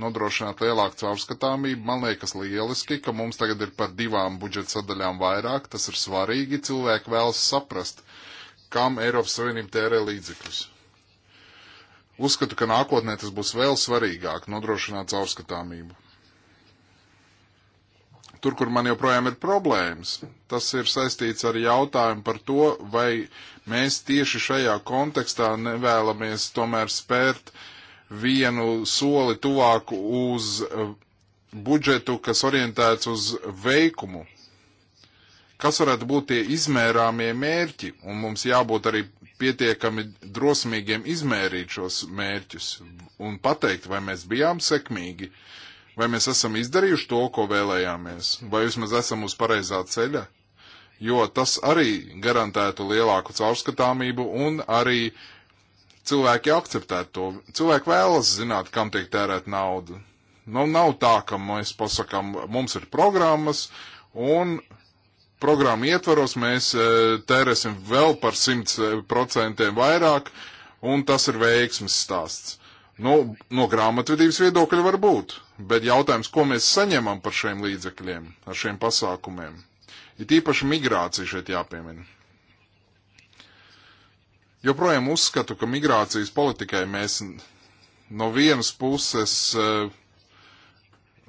nodrošināt lielāku caurskatāmību. Man liekas lieliski, ka mums tagad ir par divām budžeta sadaļām vairāk. Tas ir svarīgi. Cilvēki vēlas saprast, kam Eiropas Savienība tērē līdzekļus. Uzskatu, ka nākotnē tas būs vēl svarīgāk nodrošināt caurskatāmību. Tur, kur man joprojām ir problēmas, tas ir saistīts ar jautājumu par to, vai mēs tieši šajā kontekstā nevēlamies tomēr spērt vienu soli tuvāku uz eh, budžetu, kas orientēts uz veikumu, Kas varētu būt tie izmērāmie mērķi? Un mums jābūt arī pietiekami drosmīgiem izmērīt šos mērķus un pateikt, vai mēs bijām sekmīgi, vai mēs esam izdarījuši to, ko vēlējāmies, vai vismaz esam uz pareizā ceļa. Jo tas arī garantētu lielāku caurskatāmību un arī cilvēki akceptētu to. Cilvēki vēlas zināt, kam tiek tērēt naudu. Nu, nav tā, ka mēs pasakām, mums ir programmas un programmu ietvaros mēs e, tērēsim vēl par 100% e, vairāk, un tas ir veiksmes stāsts. Nu, no grāmatvedības viedokļa var būt, bet jautājums, ko mēs saņemam par šiem līdzekļiem, ar šiem pasākumiem, ir īpaši migrācija šeit jāpiemina. Joprojām uzskatu, ka migrācijas politikai mēs no vienas puses e,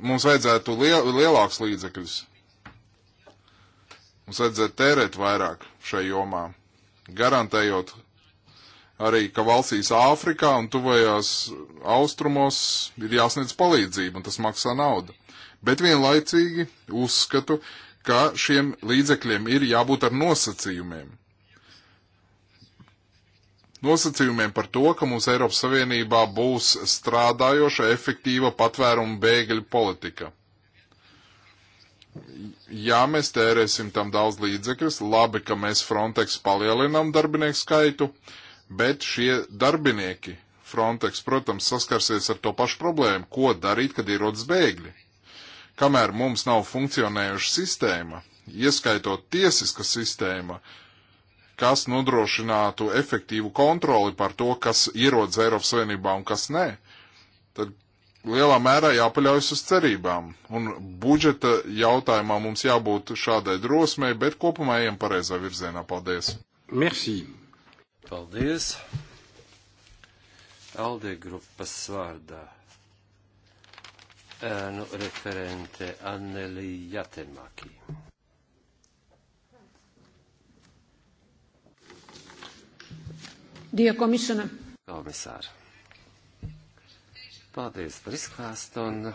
mums vajadzētu lielāks līdzekļus, Mums vajadzētu tērēt vairāk šai jomā, garantējot arī, ka valstīs Āfrikā un tuvējās austrumos ir jāsniedz palīdzība, un tas maksā naudu. Bet vienlaicīgi uzskatu, ka šiem līdzekļiem ir jābūt ar nosacījumiem. Nosacījumiem par to, ka mums Eiropas Savienībā būs strādājoša, efektīva patvērumu bēgļu politika Jā, mēs tērēsim tam daudz līdzekļus. Labi, ka mēs Frontex palielinām darbinieku skaitu, bet šie darbinieki Frontex, protams, saskarsies ar to pašu problēmu, ko darīt, kad ierodas bēgļi. Kamēr mums nav funkcionējuša sistēma, ieskaitot tiesiska sistēma, kas nodrošinātu efektīvu kontroli par to, kas ierodas Eiropas Savienībā un kas nē, tad lielā mērā jāpaļaujas uz cerībām. Un budžeta jautājumā mums jābūt šādai drosmei, bet kopumā ejam pareizā virzienā. Paldies! Merci! Paldies! Alde grupas vārdā. Nu, referente Anneli Jatemaki. Dear Commissioner. Komisār. Paldies par izklāstu un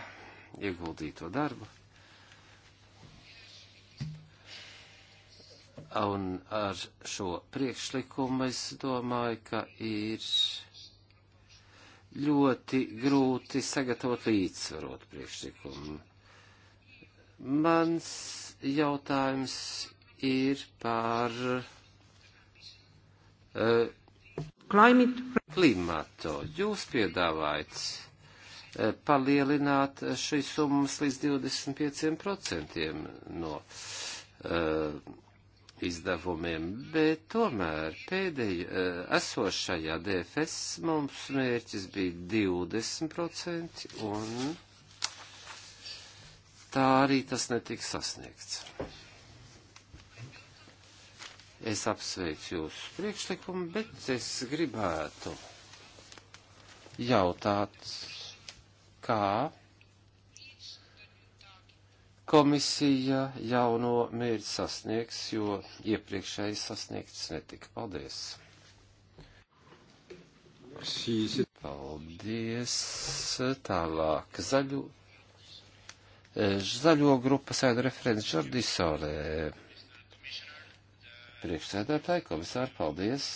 ieguldīto darbu. Un ar šo priekšlikumu es domāju, ka ir ļoti grūti sagatavot līdzsvarot priekšlikumu. Mans jautājums ir par uh, klimatu. Jūs piedāvājat Eh, palielināt šīs summas līdz 25% no uh, izdevumiem, bet tomēr pēdējo uh, eh, esošajā DFS mums mērķis bija 20% un tā arī tas netika sasniegts. Es apsveicu jūsu priekšlikumu, bet es gribētu jautāt kā komisija jauno mērķi sasniegs, jo iepriekšēji sasniegts netika. Paldies! Paldies! Tālāk zaļu. Eh, zaļo grupas ēda referents Žordisolē. Priekšsēdētāji, komisāri, paldies!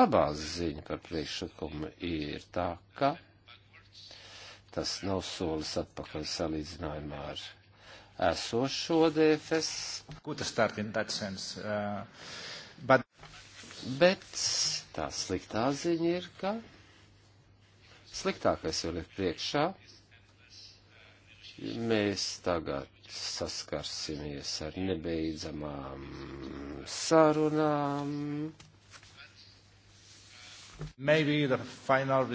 Labā ziņa par priekšlikumu ir tā, ka Tas nav solis atpakaļ salīdzinājumā ar esošo DFS. Uh, but... Bet tā sliktā ziņa ir, ka sliktākais vēl ir priekšā. Mēs tagad saskarsimies ar nebeidzamām sarunām Final...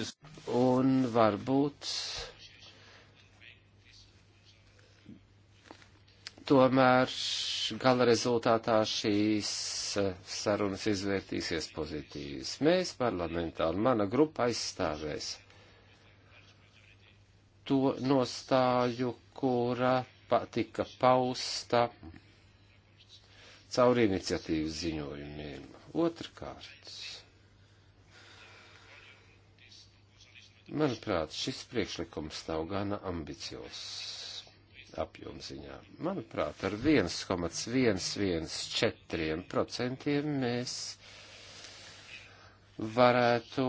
Un varbūt tomēr gala rezultātā šīs eh, sarunas izvērtīsies pozitīvas. Mēs parlamentā un mana grupa aizstāvēs to nostāju, kura tika pausta caur iniciatīvas ziņojumiem. Otrkārt, Manuprāt, šis priekšlikums nav gana ambiciozs apjomziņā. Manuprāt, ar 1,114% mēs varētu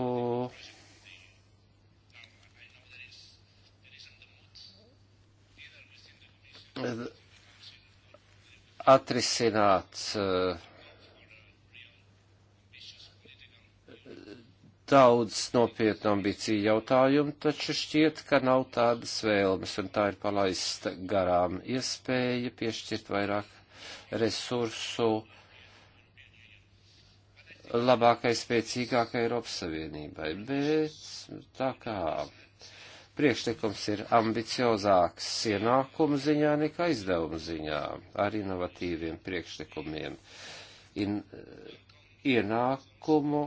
atrisināt uh, daudz nopietnu ambīciju jautājumu, taču šķiet, ka nav tādas vēlmes, un tā ir palaista garām iespēja piešķirt vairāk resursu labākai, spēcīgākai Eiropas Savienībai. Bet tā kā priekšlikums ir ambiciozāks ienākumu ziņā nekā izdevumu ziņā ar inovatīviem priekšlikumiem. In, ienākumu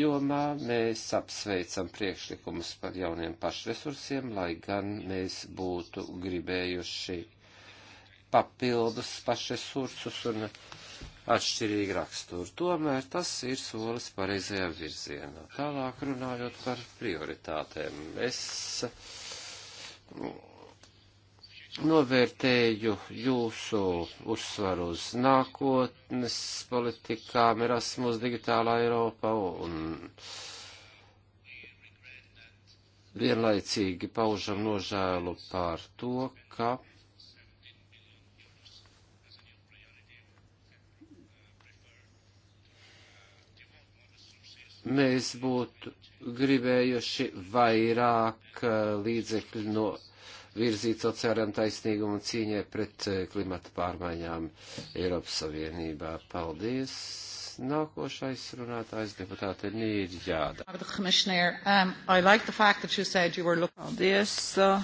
jomā mēs apsveicam priekšlikumus par jauniem pašresursiem, lai gan mēs būtu gribējuši papildus pašresursus un atšķirīgi raksturu. Tomēr tas ir solis pareizajā virzienā. Tālāk runājot par prioritātēm. Es novērtēju jūsu uzsvaru uz nākotnes politikām, Erasmus, Digitālā Eiropa un vienlaicīgi paužam nožēlu par to, ka mēs būtu gribējuši vairāk eh, līdzekļu no virzīt sociālajām taisnīgumu un cīņai pret eh, klimata pārmaiņām Eiropas Savienībā. Paldies! Nākošais runātājs deputāte Nīri Jāda. Um, Paldies, uh,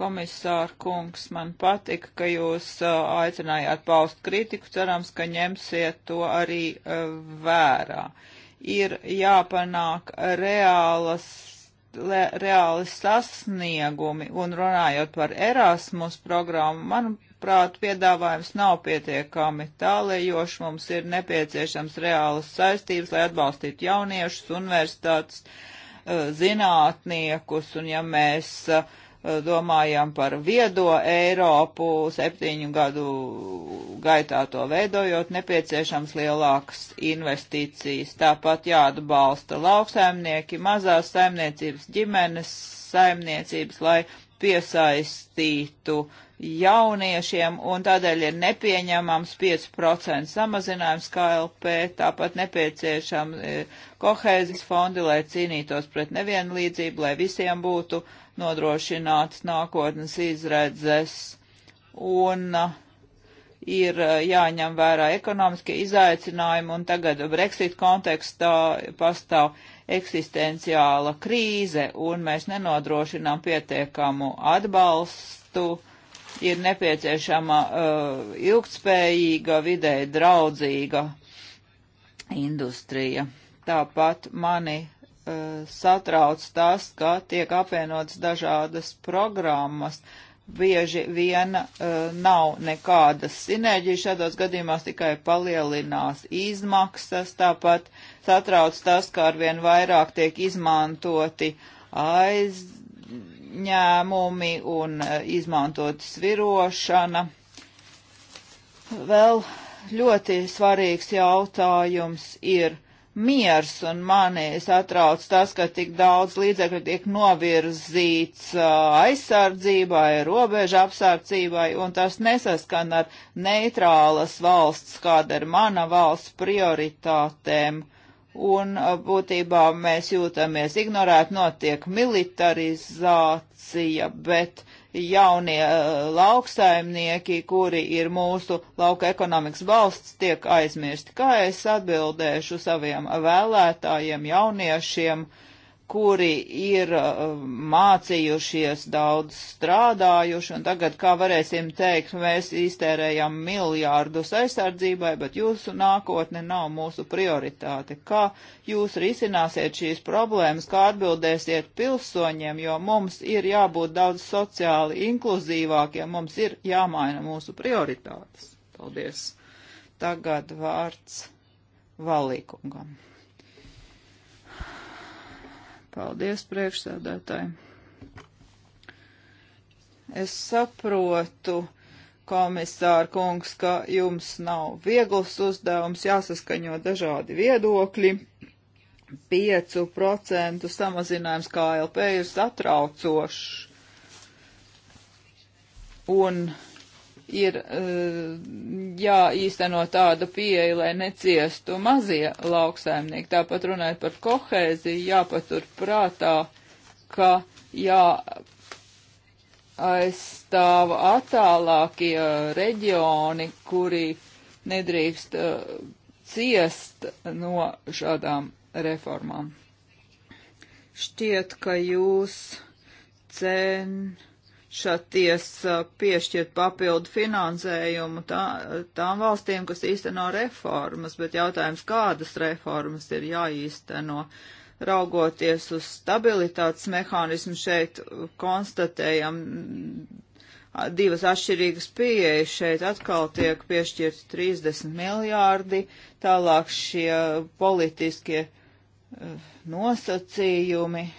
komisāra kungs, man patika, ka jūs uh, aicinājāt paust kritiku, cerams, ka ņemsiet to arī uh, vērā. Ir jāpanāk reālas reāli sasniegumi. Un runājot par Erasmus programmu, manuprāt, piedāvājums nav pietiekami tālējoši. Mums ir nepieciešams reālas saistības, lai atbalstītu jauniešus, universitātes, eh, zinātniekus, un ja mēs uh, Eh, domājam par viedo Eiropu, septiņu gadu gaitā to veidojot, nepieciešams lielākas investīcijas. Tāpat jāatbalsta lauksaimnieki, mazās saimniecības, ģimenes saimniecības, lai piesaistītu jauniešiem, un tādēļ ir nepieņemams 5% samazinājums KLP, tāpat nepieciešama e, kohēzijas fondi, lai cīnītos pret nevienlīdzību, lai visiem būtu nodrošināts nākotnes izredzes. Un e, ir e, jāņem vērā ekonomiskie izaicinājumi, un tagad Brexit kontekstā pastāv eksistenciāla krīze un mēs nenodrošinām pietiekamu atbalstu. Ir nepieciešama uh, ilgtspējīga, videi draudzīga industrija. Tāpat mani uh, satrauc tas, ka tiek apvienotas dažādas programmas, uh, bieži vien uh, nav nekādas sinerģijas, šādos gadījumos tikai palielinās izmaksas, tāpat satrauc tas, kā arvien vairāk tiek izmantoti aizņēmumi un uh, e, izmantoti svirošana. Vēl ļoti svarīgs jautājums ir miers, un mani satrauc tas, ka tik daudz līdzekļu tiek novirzīts uh, aizsardzībai, robeža apsardzībai, un tas nesaskan ar neitrālas valsts, kāda ir mana valsts prioritātēm. Un uh, būtībā mēs jūtamies ignorēt, notiek militarizācija, bet uh, jaunie eh, lauksaimnieki, kuri ir mūsu lauka ekonomikas balsts, tiek aizmirsti. Kā es atbildēšu saviem vēlētājiem, jauniešiem? Uh, kuri ir uh, mācījušies, daudz strādājuši, un tagad, kā varēsim teikt, mēs iztērējam miljārdus aizsardzībai, bet jūsu nākotne nav mūsu prioritāte. Kā jūs risināsiet šīs problēmas, kā atbildēsiet pilsoņiem, jo mums ir jābūt daudz sociāli inkluzīvākiem, mums ir jāmaina mūsu prioritātes. Paldies. Tagad vārds Valīkungam. Paldies priekšsēdētāji. Es saprotu, komisāra kungs, ka jums nav viegls uzdevums jāsaskaņo dažādi viedokļi. 5% samazinājums KLP ir satraucošs. Un ir eh, jāīsteno tāda pieeja, lai neciestu mazie lauksaimnieki. Tāpat runājot par kohēziju, jāpatur prātā, ka jāaizstāv attālākie eh, reģioni, kuri nedrīkst eh, ciest no šādām reformām. Šķiet, ka jūs cen šaties piešķirt papildu finansējumu tā, tām valstīm, kas īsteno reformas, bet jautājums, kādas reformas ir jāīsteno. Raugoties uz stabilitātes mehānismu, šeit konstatējam divas atšķirīgas pieejas. Šeit atkal tiek piešķirti 30 miljārdi, tālāk šie politiskie eh, nosacījumi. Uh,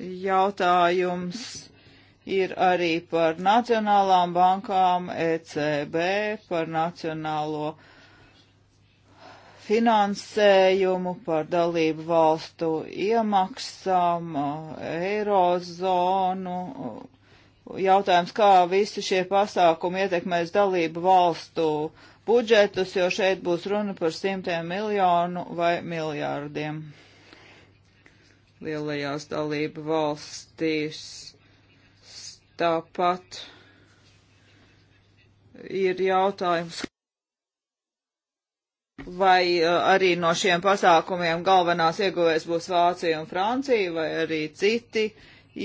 jautājums ir arī par nacionālām bankām, ECB, par nacionālo finansējumu, par dalību valstu iemaksām, eirozonu. Jautājums, kā visi šie pasākumi ietekmēs dalību valstu budžetus, jo šeit būs runa par simtiem miljonu vai miljārdiem lielajās dalību valstīs. Tāpat ir jautājums, vai uh, arī no šiem pasākumiem galvenās ieguvējs būs Vācija un Francija, vai arī citi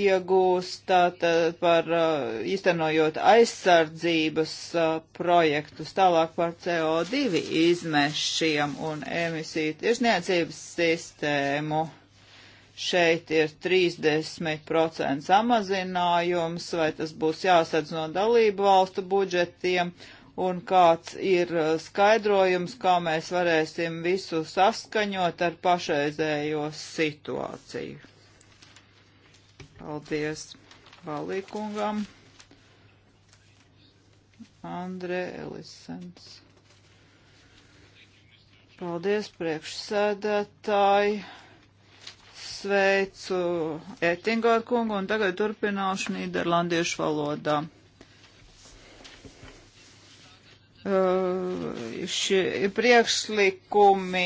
iegūst par uh, īstenojot aizsardzības uh, projektus tālāk par CO2 izmešiem un emisiju tiešniecības sistēmu šeit ir 30% samazinājums, vai tas būs jāsadz no dalību valstu budžetiem, un kāds ir uh, skaidrojums, kā mēs varēsim visu saskaņot ar pašreizējo situāciju. Paldies Valīkungam. Andre Elisens. Paldies priekšsēdētāji sveicu Ettingāru kungu un tagad turpināšu nīderlandiešu valodā. Uh, šie priekšlikumi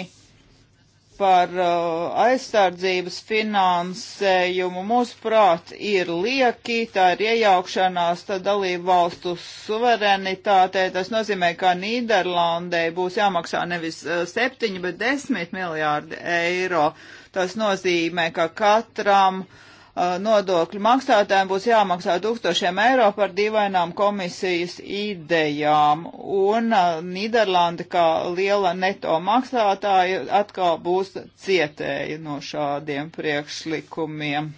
par uh, aizsardzības finansējumu mūsuprāt ir lieki, tā ir iejaukšanās dalību valstu suverenitātē. Tas nozīmē, ka Nīderlandē būs jāmaksā nevis uh, 7, bet 10 miljārdi eiro. Uh, Tas nozīmē, ka katram uh, nodokļu maksātājiem būs jāmaksā tūkstošiem eiro par dīvainām komisijas idejām, un uh, Nīderlanda kā liela neto maksātāja atkal būs cietēji no šādiem priekšlikumiem.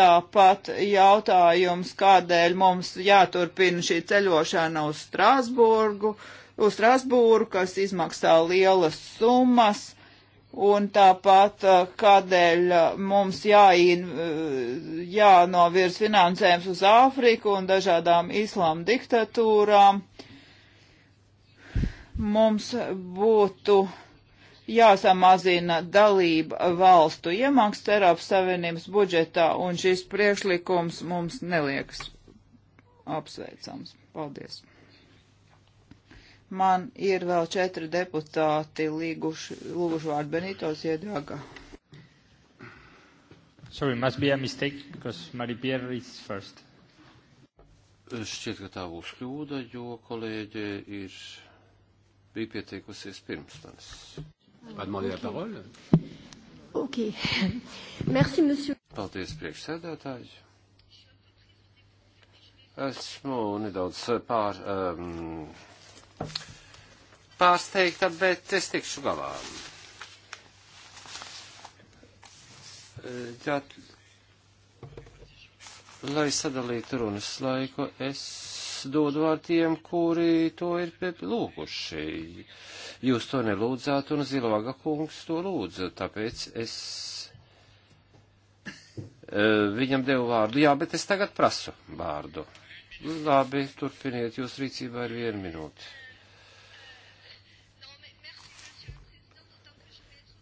Tāpat jautājums, kādēļ mums jāturpina šī ceļošana uz Strasburgu, uz Strasbūru, kas izmaksā lielas summas. Un tāpat, uh, kādēļ uh, mums jāin, uh, jānovirz finansējums uz Āfriku un dažādām islām diktatūrām, mums būtu jāsamazina dalība valstu iemaksas Eiropas Savienības budžetā, un šis priekšlikums mums neliekas apsveicams. Paldies! Man ir vēl četri deputāti līguši, lūguši vārdu Benītos iedraga. Sorry, must be a mistake, because Marie-Pierre is first. Šķiet, ka tā būs kļūda, jo kolēģe ir bija pieteikusies pirms manis. Atmaldījā okay. parole? Ok. Merci, monsieur. Paldies, priekšsēdētāji. Esmu nedaudz pār. Um, pārsteigta, bet es tikšu galā. Eh, ja, lai sadalītu runas laiku, es dodu ar tiem, kuri to ir lūguši. Jūs to nelūdzāt, un Zilvaga kungs to lūdza, tāpēc es eh, viņam devu vārdu. Jā, bet es tagad prasu vārdu. Labi, turpiniet, jūs rīcībā ir viena minūte.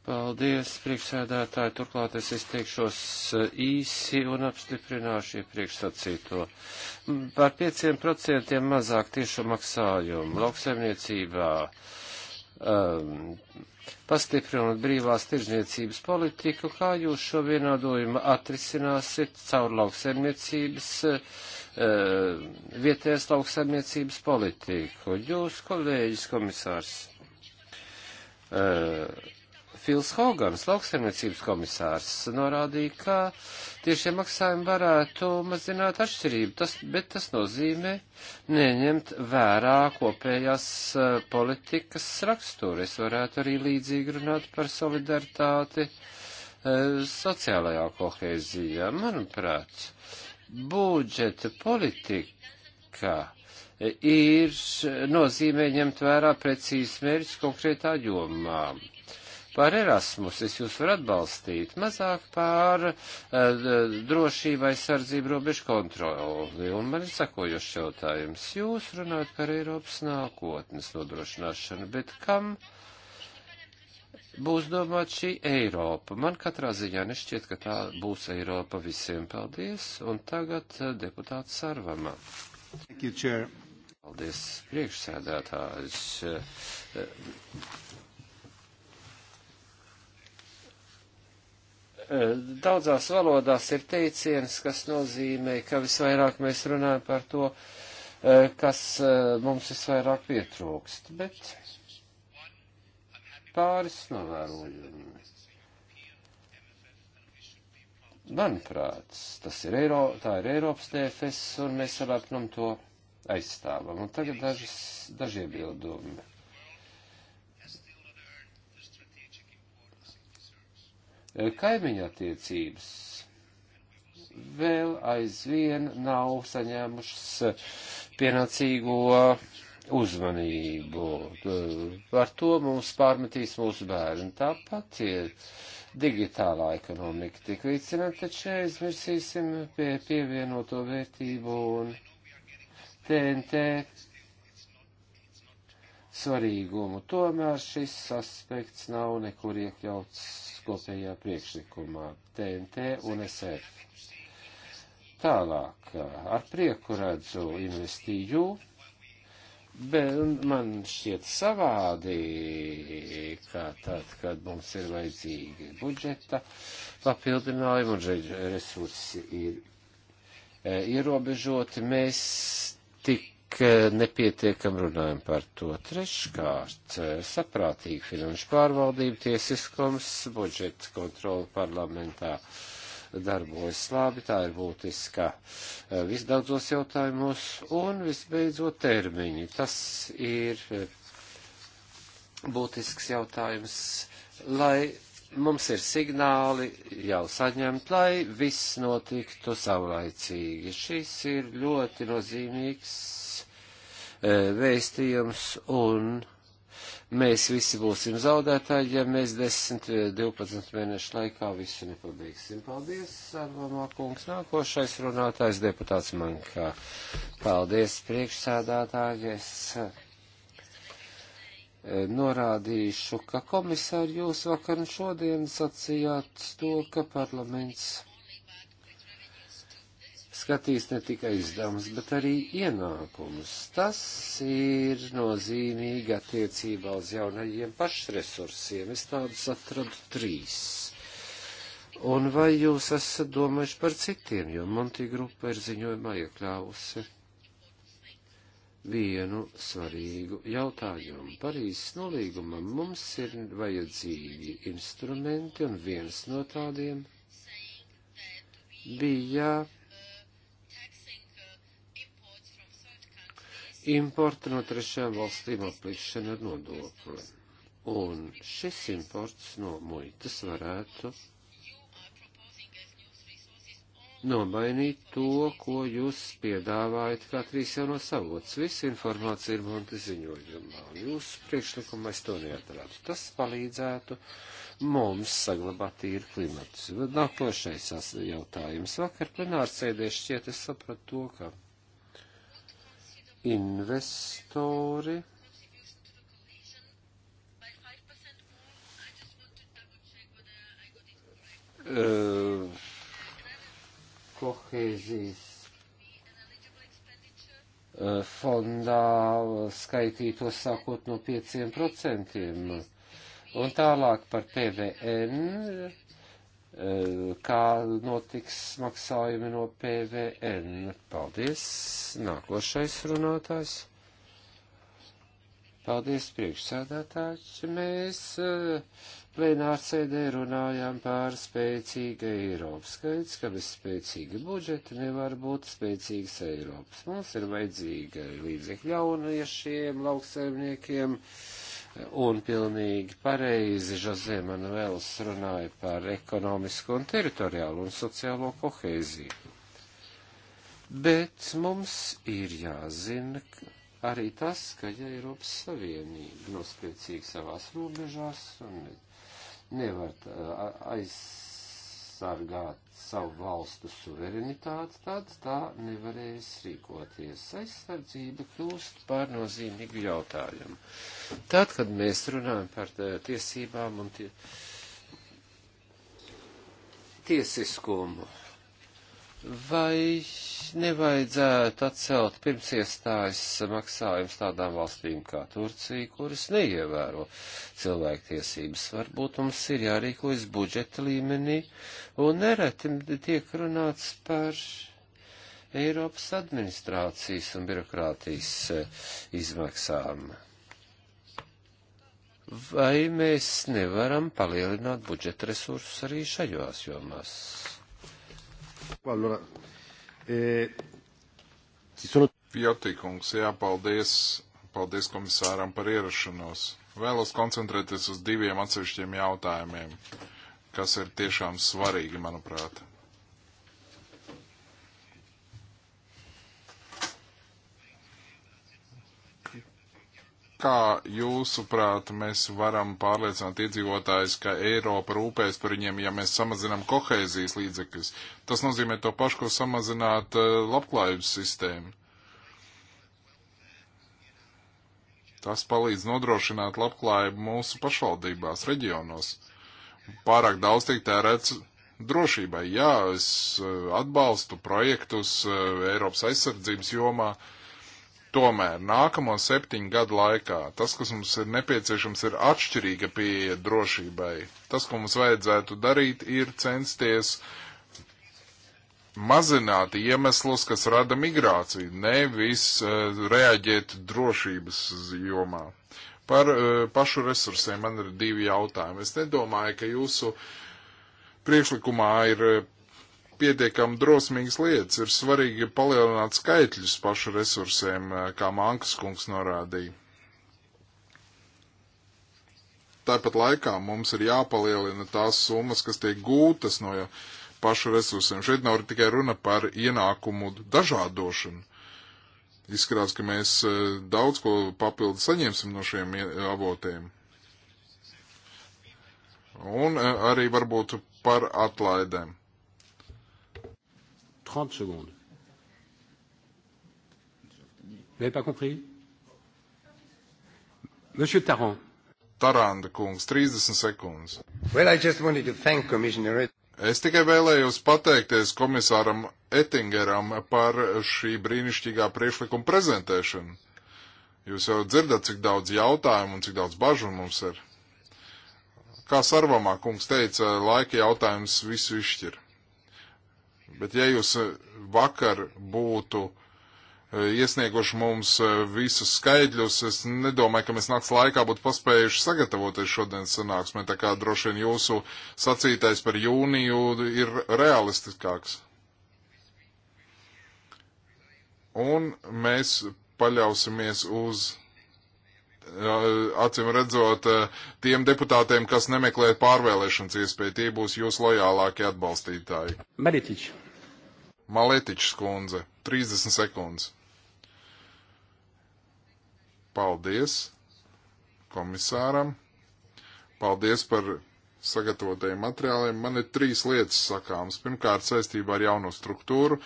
Paldies, priekšsēdētāji. Turklāt es izteikšos eh, īsi un apstiprināšu iepriekšsacīto. Mm, par 5% mazāk tiešu maksājumu lauksaimniecībā um, ehm, pastiprinot brīvās tirzniecības politiku, kā jūs šo vienādojumu atrisināsiet caur lauksaimniecības, uh, vietējās lauksaimniecības politiku. Jūs, kolēģis komisārs. Uh, Fils Hogans, lauksaimniecības komisārs, norādīja, ka tiešie maksājumi varētu mazināt atšķirību, tas, bet tas nozīmē neņemt vērā kopējās e, politikas raksturu. Es varētu arī līdzīgi runāt par solidaritāti e, sociālajā kohēzijā. Manuprāt, budžeta politika e, ir nozīmē ņemt vērā precīzi mērķis konkrētā jomā. Par Erasmus es jūs varu atbalstīt, mazāk pār uh, eh, drošībai sardzību robežu kontroli. Un man ir sakojuši jautājums. Jūs runājat par Eiropas nākotnes nodrošināšanu, bet kam būs domāt šī Eiropa? Man katrā ziņā nešķiet, ka tā būs Eiropa visiem. Paldies. Un tagad uh, deputāts Sarvamā. Thank you, Chair. Paldies, priekšsēdētājs. Eh, Eh, daudzās valodās ir teiciens, kas nozīmē, ka visvairāk mēs runājam par to, eh, kas eh, mums visvairāk pietrūkst. Bet pāris novērojumi. Manuprāt, tas ir Eiro, tā ir Eiropas DFS, un mēs ar lepnumu to aizstāvam. Un tagad dažas, daži iebildumi Kaimiņa attiecības vēl aizvien nav saņēmušas pienācīgo uzmanību. Par to mums pārmetīs mūsu bērni. Tāpat ir digitālā ekonomika tik līdzināta, taču aizmirsīsim pie pievienoto vērtību un TNT svarīgumu. Tomēr šis aspekts nav nekur iekļauts kopējā priekšlikumā TNT un SF. Tālāk ar prieku redzu investīju, bet man šķiet savādi, kā tad, kad mums ir vajadzīgi budžeta papildinājumi un resursi ir e, ierobežoti, mēs tik Eh, nepietiekam runājam par to. Treškārt, eh, saprātīga finanšu pārvaldība, tiesiskums, budžeta kontrola parlamentā darbojas labi, tā ir būtiska eh, visdaudzos jautājumos, un visbeidzot termiņi. Tas ir būtisks jautājums, lai mums ir signāli jau saņemt, lai viss notiktu savlaicīgi. Šis ir ļoti nozīmīgs E, vēstījums un mēs visi būsim zaudētāji, ja mēs 10, 12 e, mēnešu laikā visu nepabeigsim. Paldies, Sārvamā kungs. Nākošais runātājs deputāts Mankā. Paldies, priekšsēdātāji. Es e, norādīšu, ka komisāri jūs vakar un šodien sacījāt to, ka parlaments skatīs ne tikai izdevumus, bet arī ienākumus. Tas ir nozīmīgi attiecībā uz jaunajiem pašresursiem. Es tādus atradu trīs. Un vai jūs esat domājuši par citiem, jo Monti grupa ir ziņojumā iekļāvusi vienu svarīgu jautājumu. Parīzes nolīgumam mums ir vajadzīgi instrumenti, un viens no tādiem bija importa no trešām valstīm aplikšana ar nodokli. Un šis imports no muitas varētu nomainīt to, ko jūs piedāvājat kā trīs jauno savots. Visa informācija ir monti ziņojumā, un jūsu priekšlikumā es to neatrādu. Tas palīdzētu mums saglabāt tīru klimatu. Nākošais jautājums. Vakar plenārsēdē šķiet es sapratu to, ka investori. Uh, kohēzijas uh, fondā skaitīto sākot no 5%. Un tālāk par PVN Eh, kā notiks maksājumi no PVN. Paldies. Nākošais runātājs. Paldies, priekšsēdētājs. Mēs eh, plenārsēdē runājām par spēcīgu Eiropu. Skaidrs, ka bez spēcīga budžeta nevar būt spēcīgas Eiropas. Mums ir vajadzīga līdzekļa jauniešiem, lauksaimniekiem. Ja un pilnīgi pareizi Žozē Manuēls runāja par ekonomisko un teritoriālo un sociālo kohēziju. Bet mums ir jāzina arī tas, ka ja Eiropas Savienība nospiecīgi savās robežās un nevar aiz aizsargāt savu valstu suverenitāti, tad tā nevarēs rīkoties. Aizsardzība kļūst par nozīmīgu jautājumu. Tad, kad mēs runājam par eh, tiesībām un tie, tiesiskumu, Vai nevajadzētu atcelt pirms iestājas maksājums tādām valstīm kā Turcija, kuras neievēro cilvēktiesības? Varbūt mums ir jārīkojas budžeta līmenī, un nereti tiek runāts par Eiropas administrācijas un birokrātijas eh, izmaksām. Vai mēs nevaram palielināt budžeta resursus arī šajās jomās? Allora, e, sono... Jotīkungs, jā, paldies, paldies komisāram par ierašanos. Vēlos koncentrēties uz diviem atsevišķiem jautājumiem, kas ir tiešām svarīgi, manuprāt. Kā jūsuprāt, mēs varam pārliecināt iedzīvotājus, ka Eiropa rūpēs par viņiem, ja mēs samazinām kohēzijas līdzekļus? Tas nozīmē to pašu, ko samazināt eh, labklājības sistēmu. Tas palīdz nodrošināt labklājību mūsu pašvaldībās, reģionos. Pārāk daudz tiek tērēts drošībai. Jā, es eh, atbalstu projektus eh, Eiropas aizsardzības jomā. Uh, Tomēr nākamo septiņu gadu laikā tas, kas mums ir nepieciešams, ir atšķirīga pieeja drošībai. Tas, ko mums vajadzētu darīt, ir censties mazināt iemeslus, kas rada migrāciju, nevis uh, reaģēt drošības jomā. Par uh, pašu resursiem man ir divi jautājumi. Es nedomāju, ka jūsu priekšlikumā ir eh, pietiekami drosmīgas lietas. Ir svarīgi palielināt skaitļus pašu resursiem, eh, kā Mankas kungs norādīja. Tāpat laikā mums ir jāpalielina tās summas, kas tiek gūtas no pašu resursiem. Šeit nav tikai runa par ienākumu dažādošanu. Izskatās, ka mēs eh, daudz ko papildu saņemsim no šiem eh, avotiem. Un arī varbūt par atlaidēm. 30 secondes. Vous n'avez pas compris Monsieur Tarand. Taranda kungs, 30 sekundes. Well, I just wanted to thank Commissioner Es tikai vēlējos pateikties komisāram Ettingeram par šī brīnišķīgā priekšlikuma prezentēšanu. Jūs jau dzirdat, cik daudz jautājumu un cik daudz bažu mums ir. Kā sarvamā kungs teica, laika jautājums visu izšķir. Bet ja jūs eh, vakar būtu eh, iesnieguši mums eh, visus skaidļus, es nedomāju, ka mēs nakts laikā būtu paspējuši sagatavoties šodienas sanāksmē, tā kā droši vien jūsu sacītais par jūniju ir realistiskāks. Un mēs paļausimies uz acīm redzot, eh, tiem deputātiem, kas nemeklē pārvēlēšanas iespēju, tie būs jūs lojālākie atbalstītāji. Maletiņš. Maletiņš skundze, 30 sekundes. Paldies komisāram. Paldies par sagatavotajiem materiāliem. Man ir trīs lietas sakāmas. Pirmkārt, saistībā ar jauno struktūru.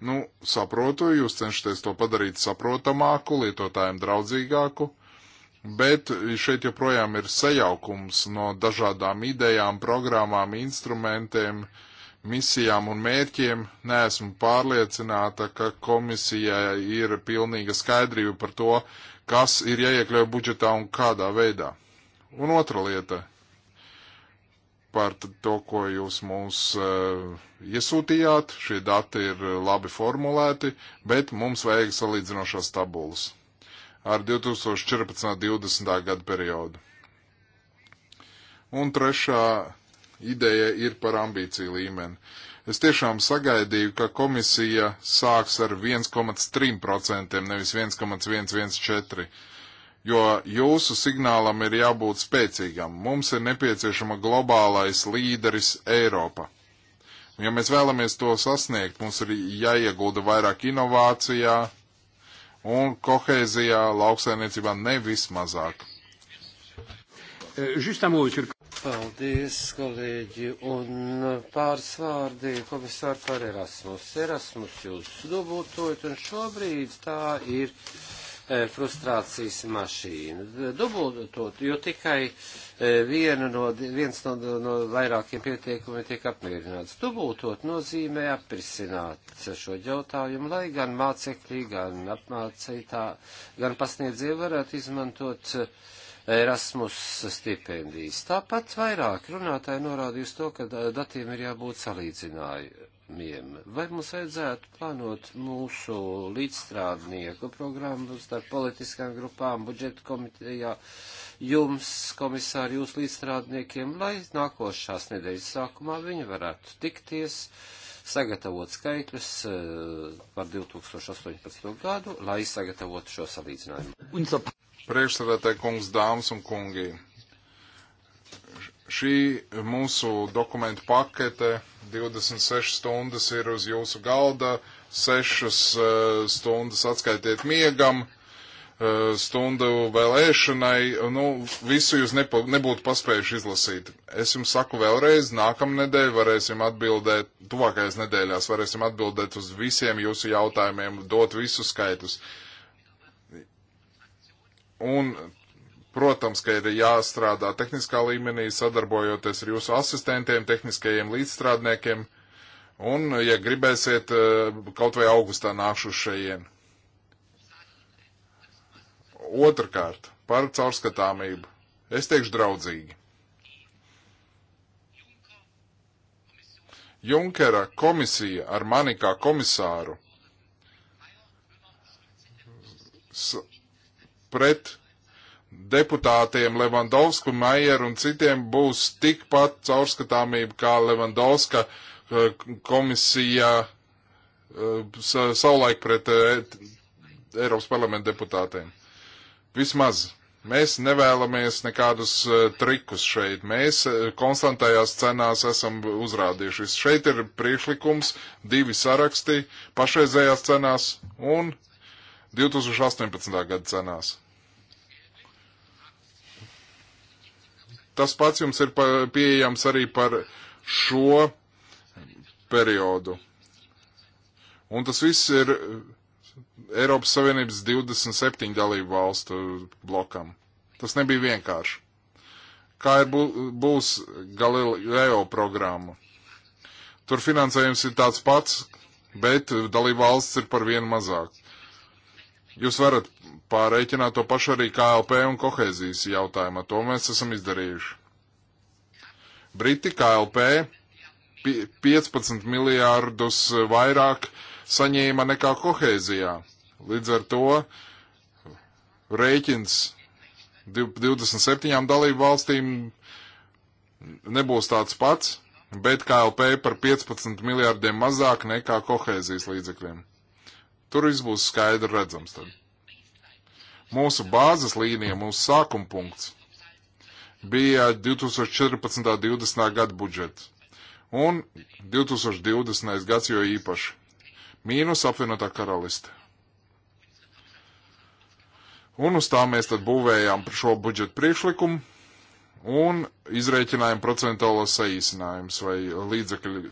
Nu, saprotu, jūs cenšaties to padarīt saprotamāku, lietotājiem draudzīgāku. Uh, Bet šeit joprojām ir sajaukums no dažādām idejām, programmām, instrumentiem, misijām un mērķiem. Neesmu pārliecināta, ka komisijai ir pilnīga skaidrība par to, kas ir jāiekļauj budžetā un kādā veidā. Un otra lieta par to, ko jūs mums uh, iesūtījāt. Šie dati ir labi formulēti, bet mums vajag salīdzinošās tabulas ar 2014.-2020. gada periodu. Un trešā ideja ir par ambīciju līmeni. Es tiešām sagaidīju, ka komisija sāks ar 1,3%, nevis 1,114, jo jūsu signālam ir jābūt spēcīgam. Mums ir nepieciešama globālais līderis Eiropa. Ja mēs vēlamies to sasniegt, mums ir jāiegulda vairāk inovācijā, un kohēzijā lauksainiecībā nevis mazāk. Paldies, kolēģi, un pāris vārdi komisāri par Erasmus. Erasmus jūs dubultojat, un šobrīd tā ir E, frustrācijas mašīnu. Dubultot, jo tikai e, viena no, viens no, no vairākiem pieteikumiem tiek apmierināts. Dubultot nozīmē aprisināt šo jautājumu, lai gan mācekļi, gan apmācītā, gan pasniedzēji varētu izmantot e, Erasmus stipendijas. Tāpat vairāk runātāji norādījusi to, ka datiem ir jābūt salīdzināju uzņēmumiem. Vai mums vajadzētu plānot mūsu līdzstrādnieku programmu starp politiskām grupām, budžeta komitejā, jums, komisāri, jūs līdzstrādniekiem, lai nākošās nedēļas sākumā viņi varētu tikties, sagatavot skaitļus eh, par 2018. gadu, lai sagatavotu šo salīdzinājumu? Priekšsēdētāji kungs, dāmas un kungi! Šī mūsu dokumentu pakete 26 stundas ir uz jūsu galda, 6 eh, stundas atskaitiet miegam, eh, stundu vēl ēšanai, nu, visu jūs nepa, nebūtu paspējuši izlasīt. Es jums saku vēlreiz, nākamnedēļ varēsim atbildēt, tuvākajās nedēļās varēsim atbildēt uz visiem jūsu jautājumiem, dot visus skaitus. Un Protams, ka ir jāstrādā tehniskā līmenī, sadarbojoties ar jūsu asistentiem, tehniskajiem līdzstrādniekiem, un, ja gribēsiet, eh, kaut vai augustā nākšu šajien. Otrakārt, par caurskatāmību. Es teikšu draudzīgi. Junkera komisija ar mani kā komisāru pret deputātiem Levandovsku, Maieru un citiem būs tikpat caurskatāmība kā Levandovska eh, komisija eh, savulaik pret eh, Eiropas parlamenta deputātiem. Vismaz mēs nevēlamies nekādus trikus šeit. Mēs konstantajās cenās esam uzrādījuši. Šeit ir priekšlikums, divi saraksti pašreizējās cenās un 2018. gada cenās. Tas pats jums ir pieejams arī par šo periodu. Un tas viss ir Eiropas Savienības 27 dalību valstu blokam. Tas nebija vienkārši. Kā ir būs Galileo programma? Tur finansējums ir tāds pats, bet dalību valsts ir par vienu mazāk. Jūs varat pārreikināt to pašu arī KLP un kohēzijas jautājumā. To mēs esam izdarījuši. Briti KLP 15 miljārdus vairāk saņēma nekā kohēzijā. Līdz ar to rēķins 27 dalību valstīm nebūs tāds pats, bet KLP par 15 miljārdiem mazāk nekā kohēzijas līdzekļiem. Tur viss būs skaidri redzams. Tad. Mūsu bāzes līnija, mūsu sākuma punkts bija 2014. un 2020. gada budžets. Un 2020. gads jau īpaši. Mīnus apvienotā karaliste. Un uz tā mēs tad būvējām šo budžetu priekšlikumu un izreikinājām procentuālos saīsinājumus vai līdzekļu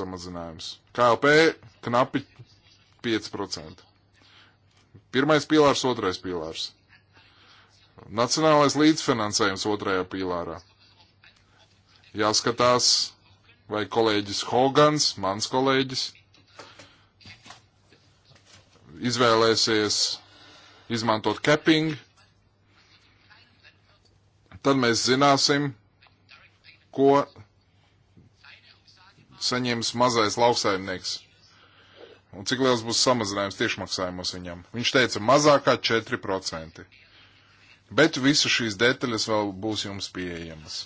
samazinājumus. KLP knapi 5%. Pirmais pīlārs, otrais pīlārs. Nacionālais līdzfinansējums otrajā pīlārā. Jāskatās, vai kolēģis Hogans, mans kolēģis, izvēlēsies izmantot capping, tad mēs zināsim, ko saņems mazais lauksaimnieks. Un cik liels būs samazinājums tiešmaksājumos viņam? Viņš teica, mazākā 4%. Bet visas šīs detaļas vēl būs jums pieejamas.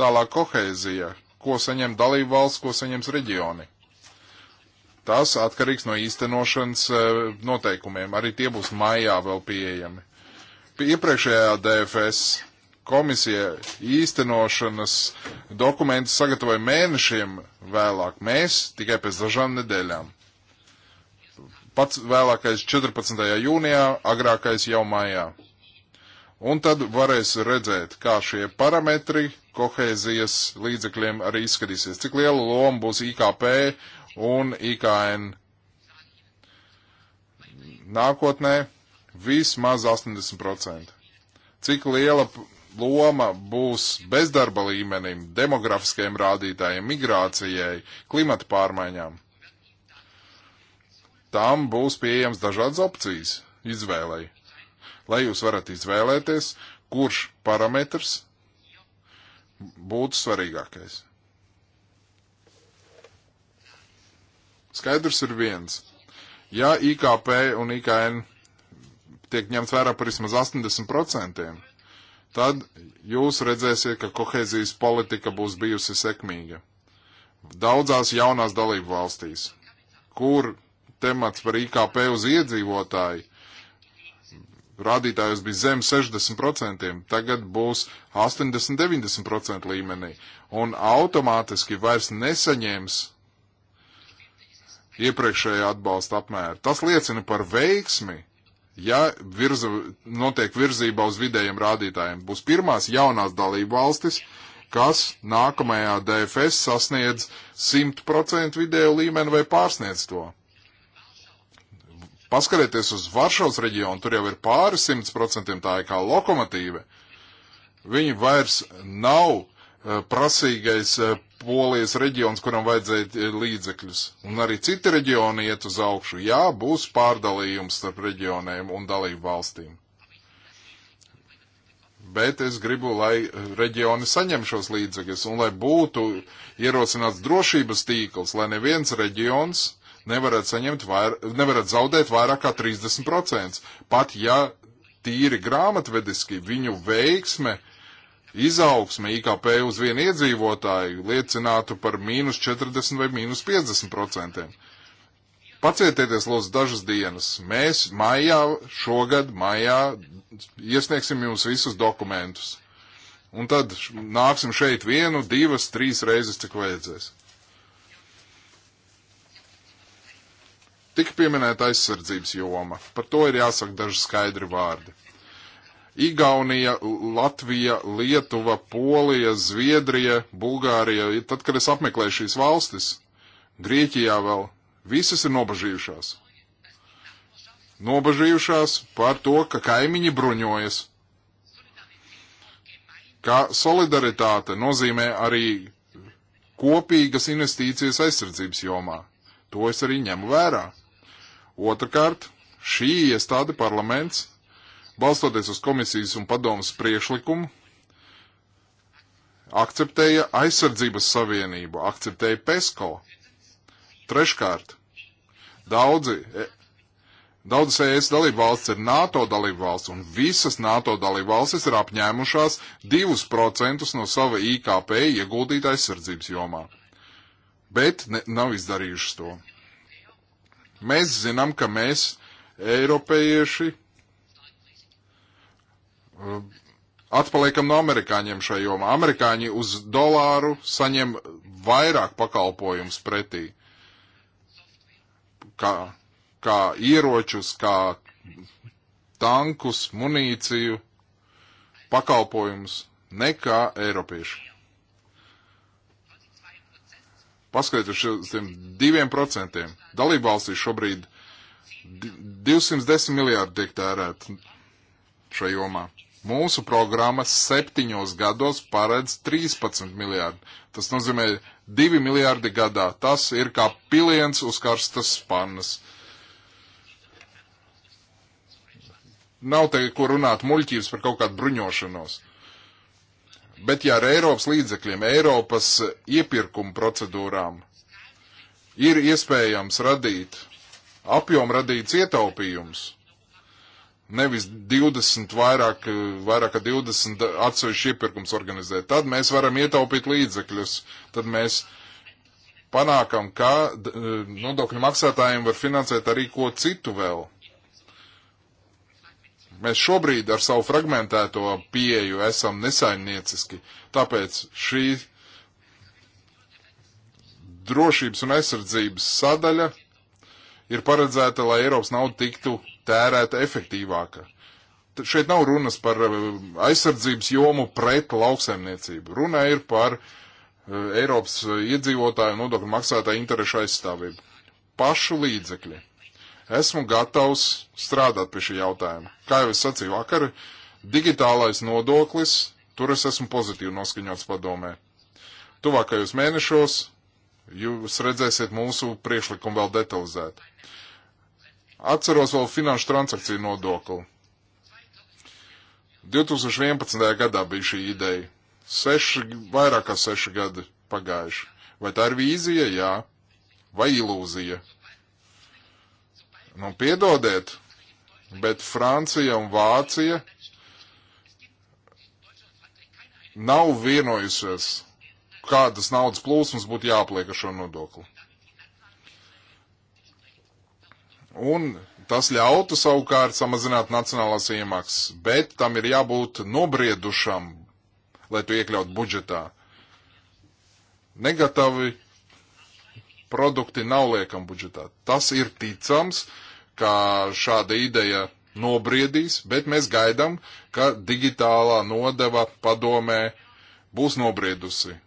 Tālāk kohēzija, ko saņem dalību valsts, ko saņems reģioni. Tas atkarīgs no īstenošanas e, noteikumiem. Arī tie būs maijā vēl pieejami. Pie iepriekšējā DFS komisija īstenošanas dokumentus sagatavoja mēnešiem vēlāk, mēs tikai pēc dažām nedēļām pats vēlākais 14. jūnijā, agrākais jau maijā. Un tad varēs redzēt, kā šie parametri kohēzijas līdzekļiem arī izskatīsies, cik lielu lomu būs IKP un IKN. Nākotnē vismaz 80%. Cik liela loma būs bezdarba līmenim, demografiskajiem rādītājiem, migrācijai, klimata pārmaiņām? tam būs pieejams dažādas opcijas izvēlei. Lai jūs varat izvēlēties, kurš parametrs būtu svarīgākais. Skaidrs ir viens. Ja IKP un IKN tiek ņemts vērā par vismaz 80%, tad jūs redzēsiet, ka kohēzijas politika būs bijusi sekmīga. Daudzās jaunās dalību valstīs, kur temats par IKP uz iedzīvotāju. Rādītājs bija zem 60%, tagad būs 80-90% līmenī. Un automātiski vairs nesaņems iepriekšējā atbalsta apmēra. Tas liecina par veiksmi, ja virza, notiek virzība uz vidējiem rādītājiem. Būs pirmās jaunās dalību valstis, kas nākamajā DFS sasniedz 100% vidēju līmeni vai pārsniedz to. Paskarieties uz Varšavas reģionu, tur jau ir pāri 100% tā ir kā lokomotīve. Viņi vairs nav uh, prasīgais uh, eh, polijas reģions, kuram vajadzēja eh, līdzekļus. Un arī citi reģioni iet uz augšu. Jā, būs pārdalījums starp reģioniem un dalību valstīm. Bet es gribu, lai reģioni saņem šos līdzekļus un lai būtu ierosināts drošības tīkls, lai neviens reģions nevarat, saņemt vair, nevarat zaudēt vairāk kā 30%. Pat ja tīri grāmatvediski viņu veiksme, izaugsme IKP uz vienu iedzīvotāju liecinātu par mīnus 40 vai mīnus 50%. Pacietieties, lūdzu, dažas dienas. Mēs maijā, šogad maijā iesniegsim jums visus dokumentus. Un tad nāksim šeit vienu, divas, trīs reizes, cik vajadzēs. Tik pieminēta aizsardzības joma. Par to ir jāsaka daži skaidri vārdi. Igaunija, Latvija, Lietuva, Polija, Zviedrija, Bulgārija, tad, kad es apmeklēju šīs valstis, Grieķijā vēl, visas ir nobažījušās. Nobažījušās par to, ka kaimiņi bruņojas. Ka solidaritāte nozīmē arī kopīgas investīcijas aizsardzības jomā. To es arī ņemu vērā. Otrakārt, šī iestāde parlaments, balstoties uz komisijas un padomas priekšlikumu, akceptēja aizsardzības savienību, akceptēja PESCO. Treškārt, daudzi, e, daudzas ES dalību valsts ir NATO dalību valsts, un visas NATO dalību valstis ir apņēmušās 2% no sava IKP ieguldīt aizsardzības jomā. Bet ne, nav izdarījušas to. Mēs zinām, ka mēs, eiropieši, eh, atpaliekam no amerikāņiem šajā jomā. Amerikāņi uz dolāru saņem vairāk pakalpojums pretī, kā, kā ieročus, kā tankus, munīciju, pakalpojumus nekā eiropieši. Paskatieties uz šiem diviem procentiem. Dalību valstīs šobrīd 210 miljārdi tiek tērēt šajā jomā. Mūsu programma septiņos gados paredz 13 miljārdi. Tas nozīmē 2 miljārdi gadā. Tas ir kā piliens uz karstas pannas. Nav te, ko runāt muļķības par kaut kādu bruņošanos. Bet ja ar Eiropas līdzekļiem, Eiropas iepirkuma procedūrām ir iespējams radīt apjomradīts ietaupījums, nevis 20 vairāk, vairāk 20 atsevišķi iepirkums organizēt, tad mēs varam ietaupīt līdzekļus, tad mēs panākam, ka eh, nodokļu maksātājiem var finansēt arī ko citu vēl. Mēs šobrīd ar savu fragmentēto pieju esam nesaimnieciski, tāpēc šī drošības un aizsardzības sadaļa ir paredzēta, lai Eiropas nauda tiktu tērēta efektīvāka. Tad šeit nav runas par eh, aizsardzības jomu pret lauksaimniecību. Runa ir par eh, Eiropas eh, iedzīvotāju nodokļu maksātāju interešu aizstāvību. Pašu līdzekļi Esmu gatavs strādāt pie šī jautājuma. Kā jau es sacīju vakar, digitālais nodoklis, tur es esmu pozitīvi noskaņots padomē. Tuvākajos mēnešos jūs redzēsiet mūsu priekšlikumu vēl detalizēt. Atceros vēl finanšu transakciju nodokli. 2011. gadā bija šī ideja. Seši, vairāk kā seši gadi pagājuši. Vai tā ir vīzija? Jā. Vai ilūzija? Nu, piedodiet, bet Francija un Vācija nav vienojusies, kādas naudas plūsmas būtu jāpliek ar šo nodokli. Un tas ļautu savukārt samazināt nacionālās iemaksas, bet tam ir jābūt nobriedušam, lai to iekļaut budžetā. Negatavi produkti nav liekami budžetā. Tas ir ticams, ka šāda ideja nobriedīs, bet mēs gaidām, ka digitālā nodeva padomē būs nobriedusi.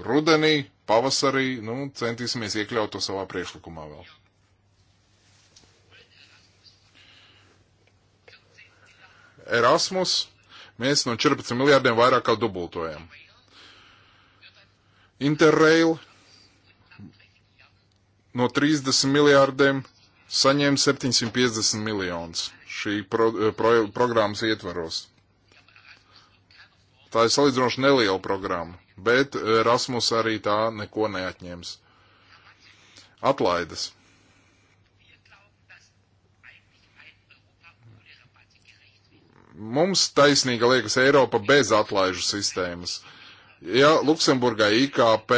Rudenī, pavasarī, nu, centīsimies iekļaut to savā priekšlikumā vēl. Erasmus mēs no 14 miljārdiem vairāk kā dubultojam. Interrail no 30 miljārdiem saņēma 750 miljonus šī pro, eh, pro, programmas ietvaros. Tā ir salīdzinoši neliela programma, bet eh, Rasmus arī tā neko neatņems. Atlaides. Mums taisnīga liekas Eiropa bez atlaižu sistēmas. Ja Luksemburgai IKP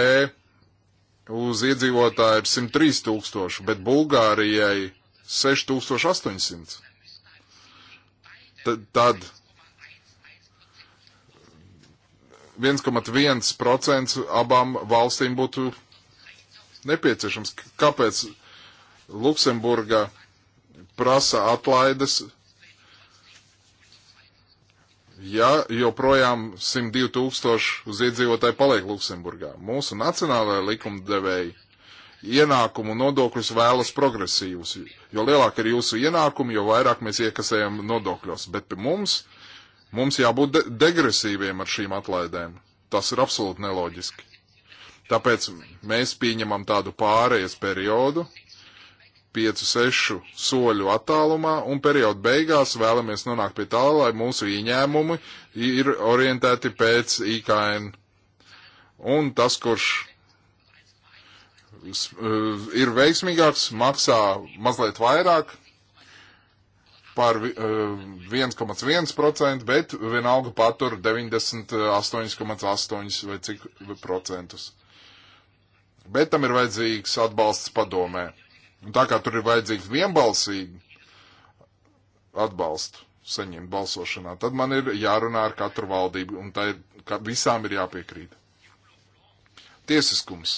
uz iedzīvotāju ir 103 tūkstoši, bet Bulgārijai 6800. Tad, tad 1,1% abām valstīm būtu nepieciešams. Kāpēc Luksemburga prasa atlaides ja joprojām 102 tūkstoši uz iedzīvotāju paliek Luksemburgā. Mūsu nacionālajā likumdevēja ienākumu nodokļus vēlas progresīvus, jo lielāk ir jūsu ienākumi, jo vairāk mēs iekasējam nodokļos. Bet pie mums, mums jābūt de degresīviem ar šīm atlaidēm. Tas ir absolūti neloģiski. Tāpēc mēs pieņemam tādu pārējas periodu, 5, 6 soļu attālumā, un perioda beigās vēlamies nonākt pie tā, lai mūsu ieņēmumi ir orientēti pēc IKN. Un tas, kurš eh, ir veiksmīgāks, maksā mazliet vairāk par 1,1%, eh, bet vienalga patur 98,8 vai cik procentus. Bet tam ir vajadzīgs atbalsts padomē. Un tā kā tur ir vajadzīgs vienbalsīgi atbalstu saņemt balsošanā, tad man ir jārunā ar katru valdību, un tā ir, ka visām ir jāpiekrīt. Tiesiskums.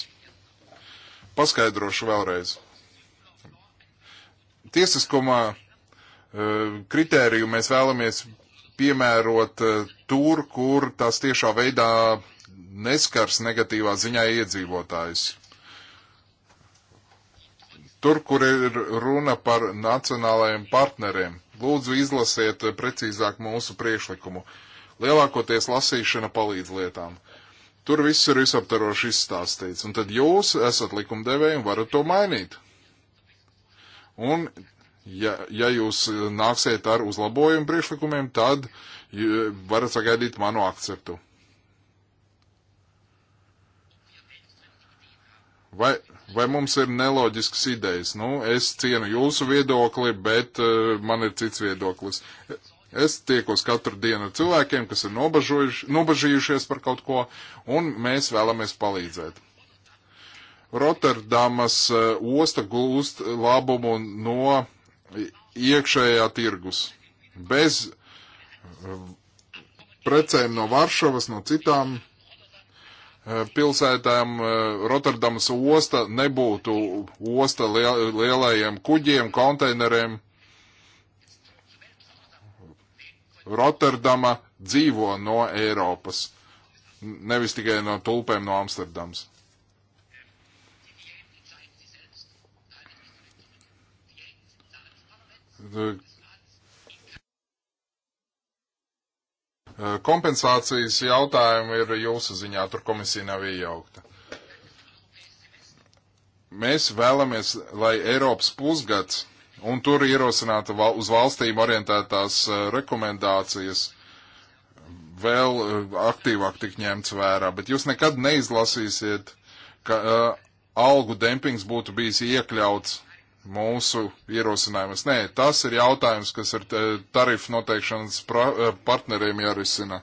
Paskaidrošu vēlreiz. Tiesiskumā eh, kritēriju mēs vēlamies piemērot eh, tur, kur tas tiešā veidā neskars negatīvā ziņā iedzīvotājus. Tur, kur ir runa par nacionālajiem partneriem, lūdzu izlasiet precīzāk mūsu priekšlikumu. Lielākoties lasīšana palīdz lietām. Tur viss ir visaptaroši izstāstīts, un tad jūs esat likumdevēji un varat to mainīt. Un, ja, ja jūs nāksiet ar uzlabojumu priekšlikumiem, tad varat sagaidīt manu akceptu. Vai vai mums ir neloģisks idejas. Nu, es cienu jūsu viedokli, bet uh, man ir cits viedoklis. Es tiekos katru dienu ar cilvēkiem, kas ir nobažījušies par kaut ko, un mēs vēlamies palīdzēt. Rotterdamas uh, osta gūst labumu no iekšējā tirgus. Bez uh, precēm no Varšavas, no citām uh, Eh, pilsētām eh, Rotterdamas osta nebūtu osta lielajiem kuģiem, konteineriem. Rotterdama dzīvo no Eiropas, nevis tikai no tulpēm no Amsterdams. Eh, Kompensācijas jautājumi ir jūsu ziņā, tur komisija nav iejaukta. Mēs vēlamies, lai Eiropas pusgads un tur ierosināta val, uz valstīm orientētās rekomendācijas vēl aktīvāk tik ņemts vērā, bet jūs nekad neizlasīsiet, ka uh, algu dempings būtu bijis iekļauts mūsu ierosinājumus. Nē, tas ir jautājums, kas ar tarifu noteikšanas eh, partneriem jārisina.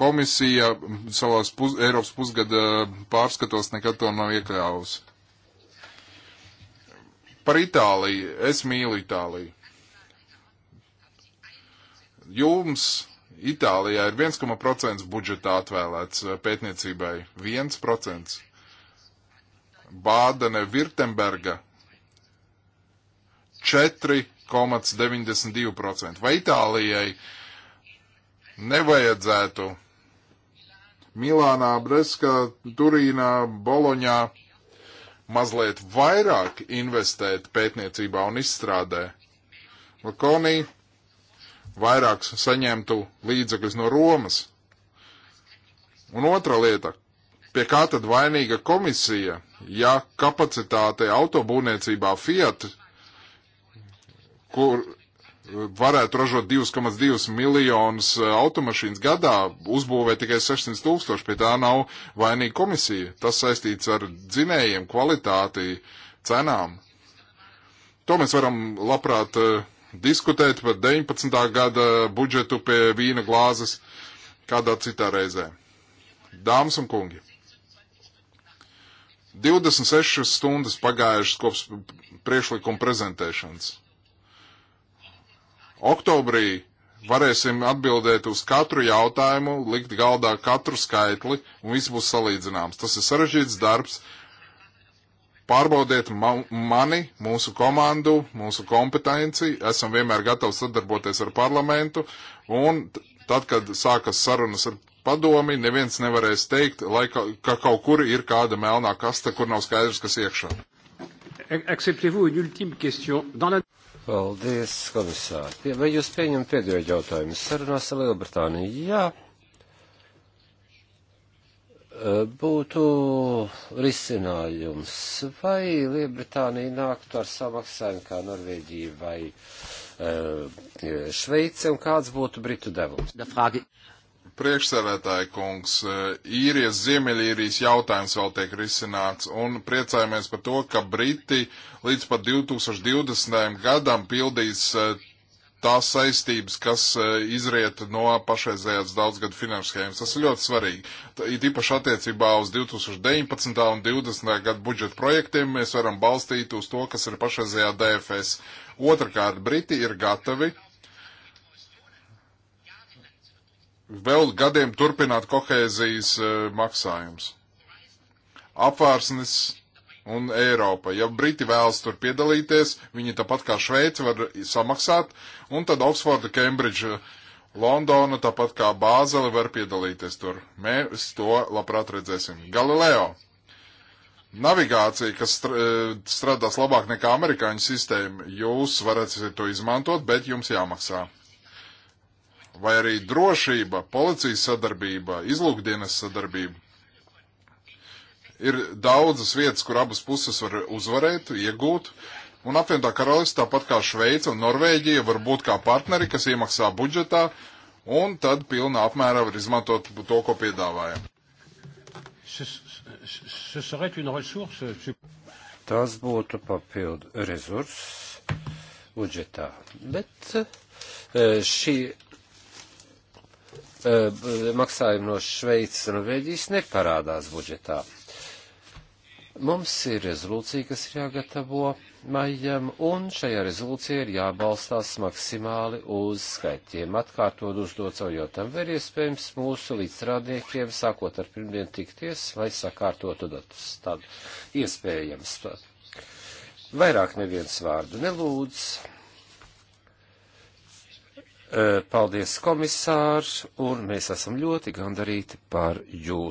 Komisija savās pus, Eiropas pusgada pārskatos nekad to nav iekļāvusi. Par Itāliju. Es mīlu Itāliju. Jums Itālijā ir 1,1% budžetā atvēlēts eh, pētniecībai. 1%. Bādene Virtemberga 4,92%. Vai Itālijai nevajadzētu Milānā, Breskā, Turīnā, Boloņā mazliet vairāk investēt pētniecībā un izstrādē? Lakonī vairāk saņemtu līdzekļus no Romas. Un otra lieta, pie kā tad vainīga komisija, ja kapacitāte autobūvniecībā Fiat kur varētu ražot 2,2 miljonus eh, automašīnas gadā, uzbūvē tikai 600 tūkstoši, pie tā nav vainīga komisija. Tas saistīts ar dzinējiem, kvalitāti, cenām. To mēs varam labprāt eh, diskutēt par 19. gada budžetu pie vīna glāzes kādā citā reizē. Dāmas un kungi, 26 stundas pagājušas kopš priekšlikuma prezentēšanas Oktobrī varēsim atbildēt uz katru jautājumu, likt galdā katru skaitli, un viss būs salīdzināms. Tas ir sarežģīts darbs. Pārbaudiet ma mani, mūsu komandu, mūsu kompetenci. Esam vienmēr gatavi sadarboties ar parlamentu, un tad, kad sākas sarunas ar padomi, neviens nevarēs teikt, lai ka, ka kaut kur ir kāda melnā kasta, kur nav skaidrs, kas iekšā. Acceptez-vous une ultime question? Dans la... Paldies, komisāri. Vai jūs pieņemat pēdējo jautājumu? Sarunās ar Lielbritāniju. Jā. E, būtu risinājums, vai Lielbritānija nāktu ar samaksājumu kā Norvēģija vai uh, Šveice, un kāds būtu Britu devums? Priekšsēdētāji kungs, e, īrijas, ziemeļīrijas jautājums vēl tiek risināts, un priecājamies par to, ka Briti līdz pat 2020. gadam pildīs e, tās saistības, kas e, izriet no pašreizējās daudzgadu finanšu schēmas. Tas ir ļoti svarīgi. It īpaši attiecībā uz 2019. un 2020. gadu budžeta projektiem mēs varam balstīt uz to, kas ir pašreizējā DFS. Otrakārt, Briti ir gatavi vēl gadiem turpināt kohēzijas e, maksājums. Apvārsnes un Eiropa. Ja Briti vēlas tur piedalīties, viņi tāpat kā Šveice var samaksāt, un tad Oksforda, Kembridža, Londona, tāpat kā Bāzele var piedalīties tur. Mēs to labprāt redzēsim. Galileo. Navigācija, kas e, strādās labāk nekā amerikāņu sistēma, jūs varat to izmantot, bet jums jāmaksā vai arī drošība, policijas sadarbība, izlūkdienas sadarbība. Ir daudzas vietas, kur abas puses var uzvarēt, iegūt, un apvienotā karalists, tāpat kā Šveica un Norvēģija, var būt kā partneri, kas iemaksā budžetā, un tad pilnā apmērā var izmantot to, ko piedāvājam. Tas būtu papildu resurss budžetā, bet eh, šī Eh, maksājumi no Šveices un Veģijas neparādās budžetā. Mums ir rezolūcija, kas ir jāgatavo maijam, un šajā rezolūcijā ir jābalstās maksimāli uz skaitiem. Atkārtot uzdot savu jautājumu, var iespējams mūsu līdzstrādniekiem, sākot ar pirmdien tikties, lai sakārtotu datus. Tad iespējams. Vairāk neviens vārdu nelūdz. Eh, paldies, komisārs, un mēs esam ļoti gandarīti par jūsu.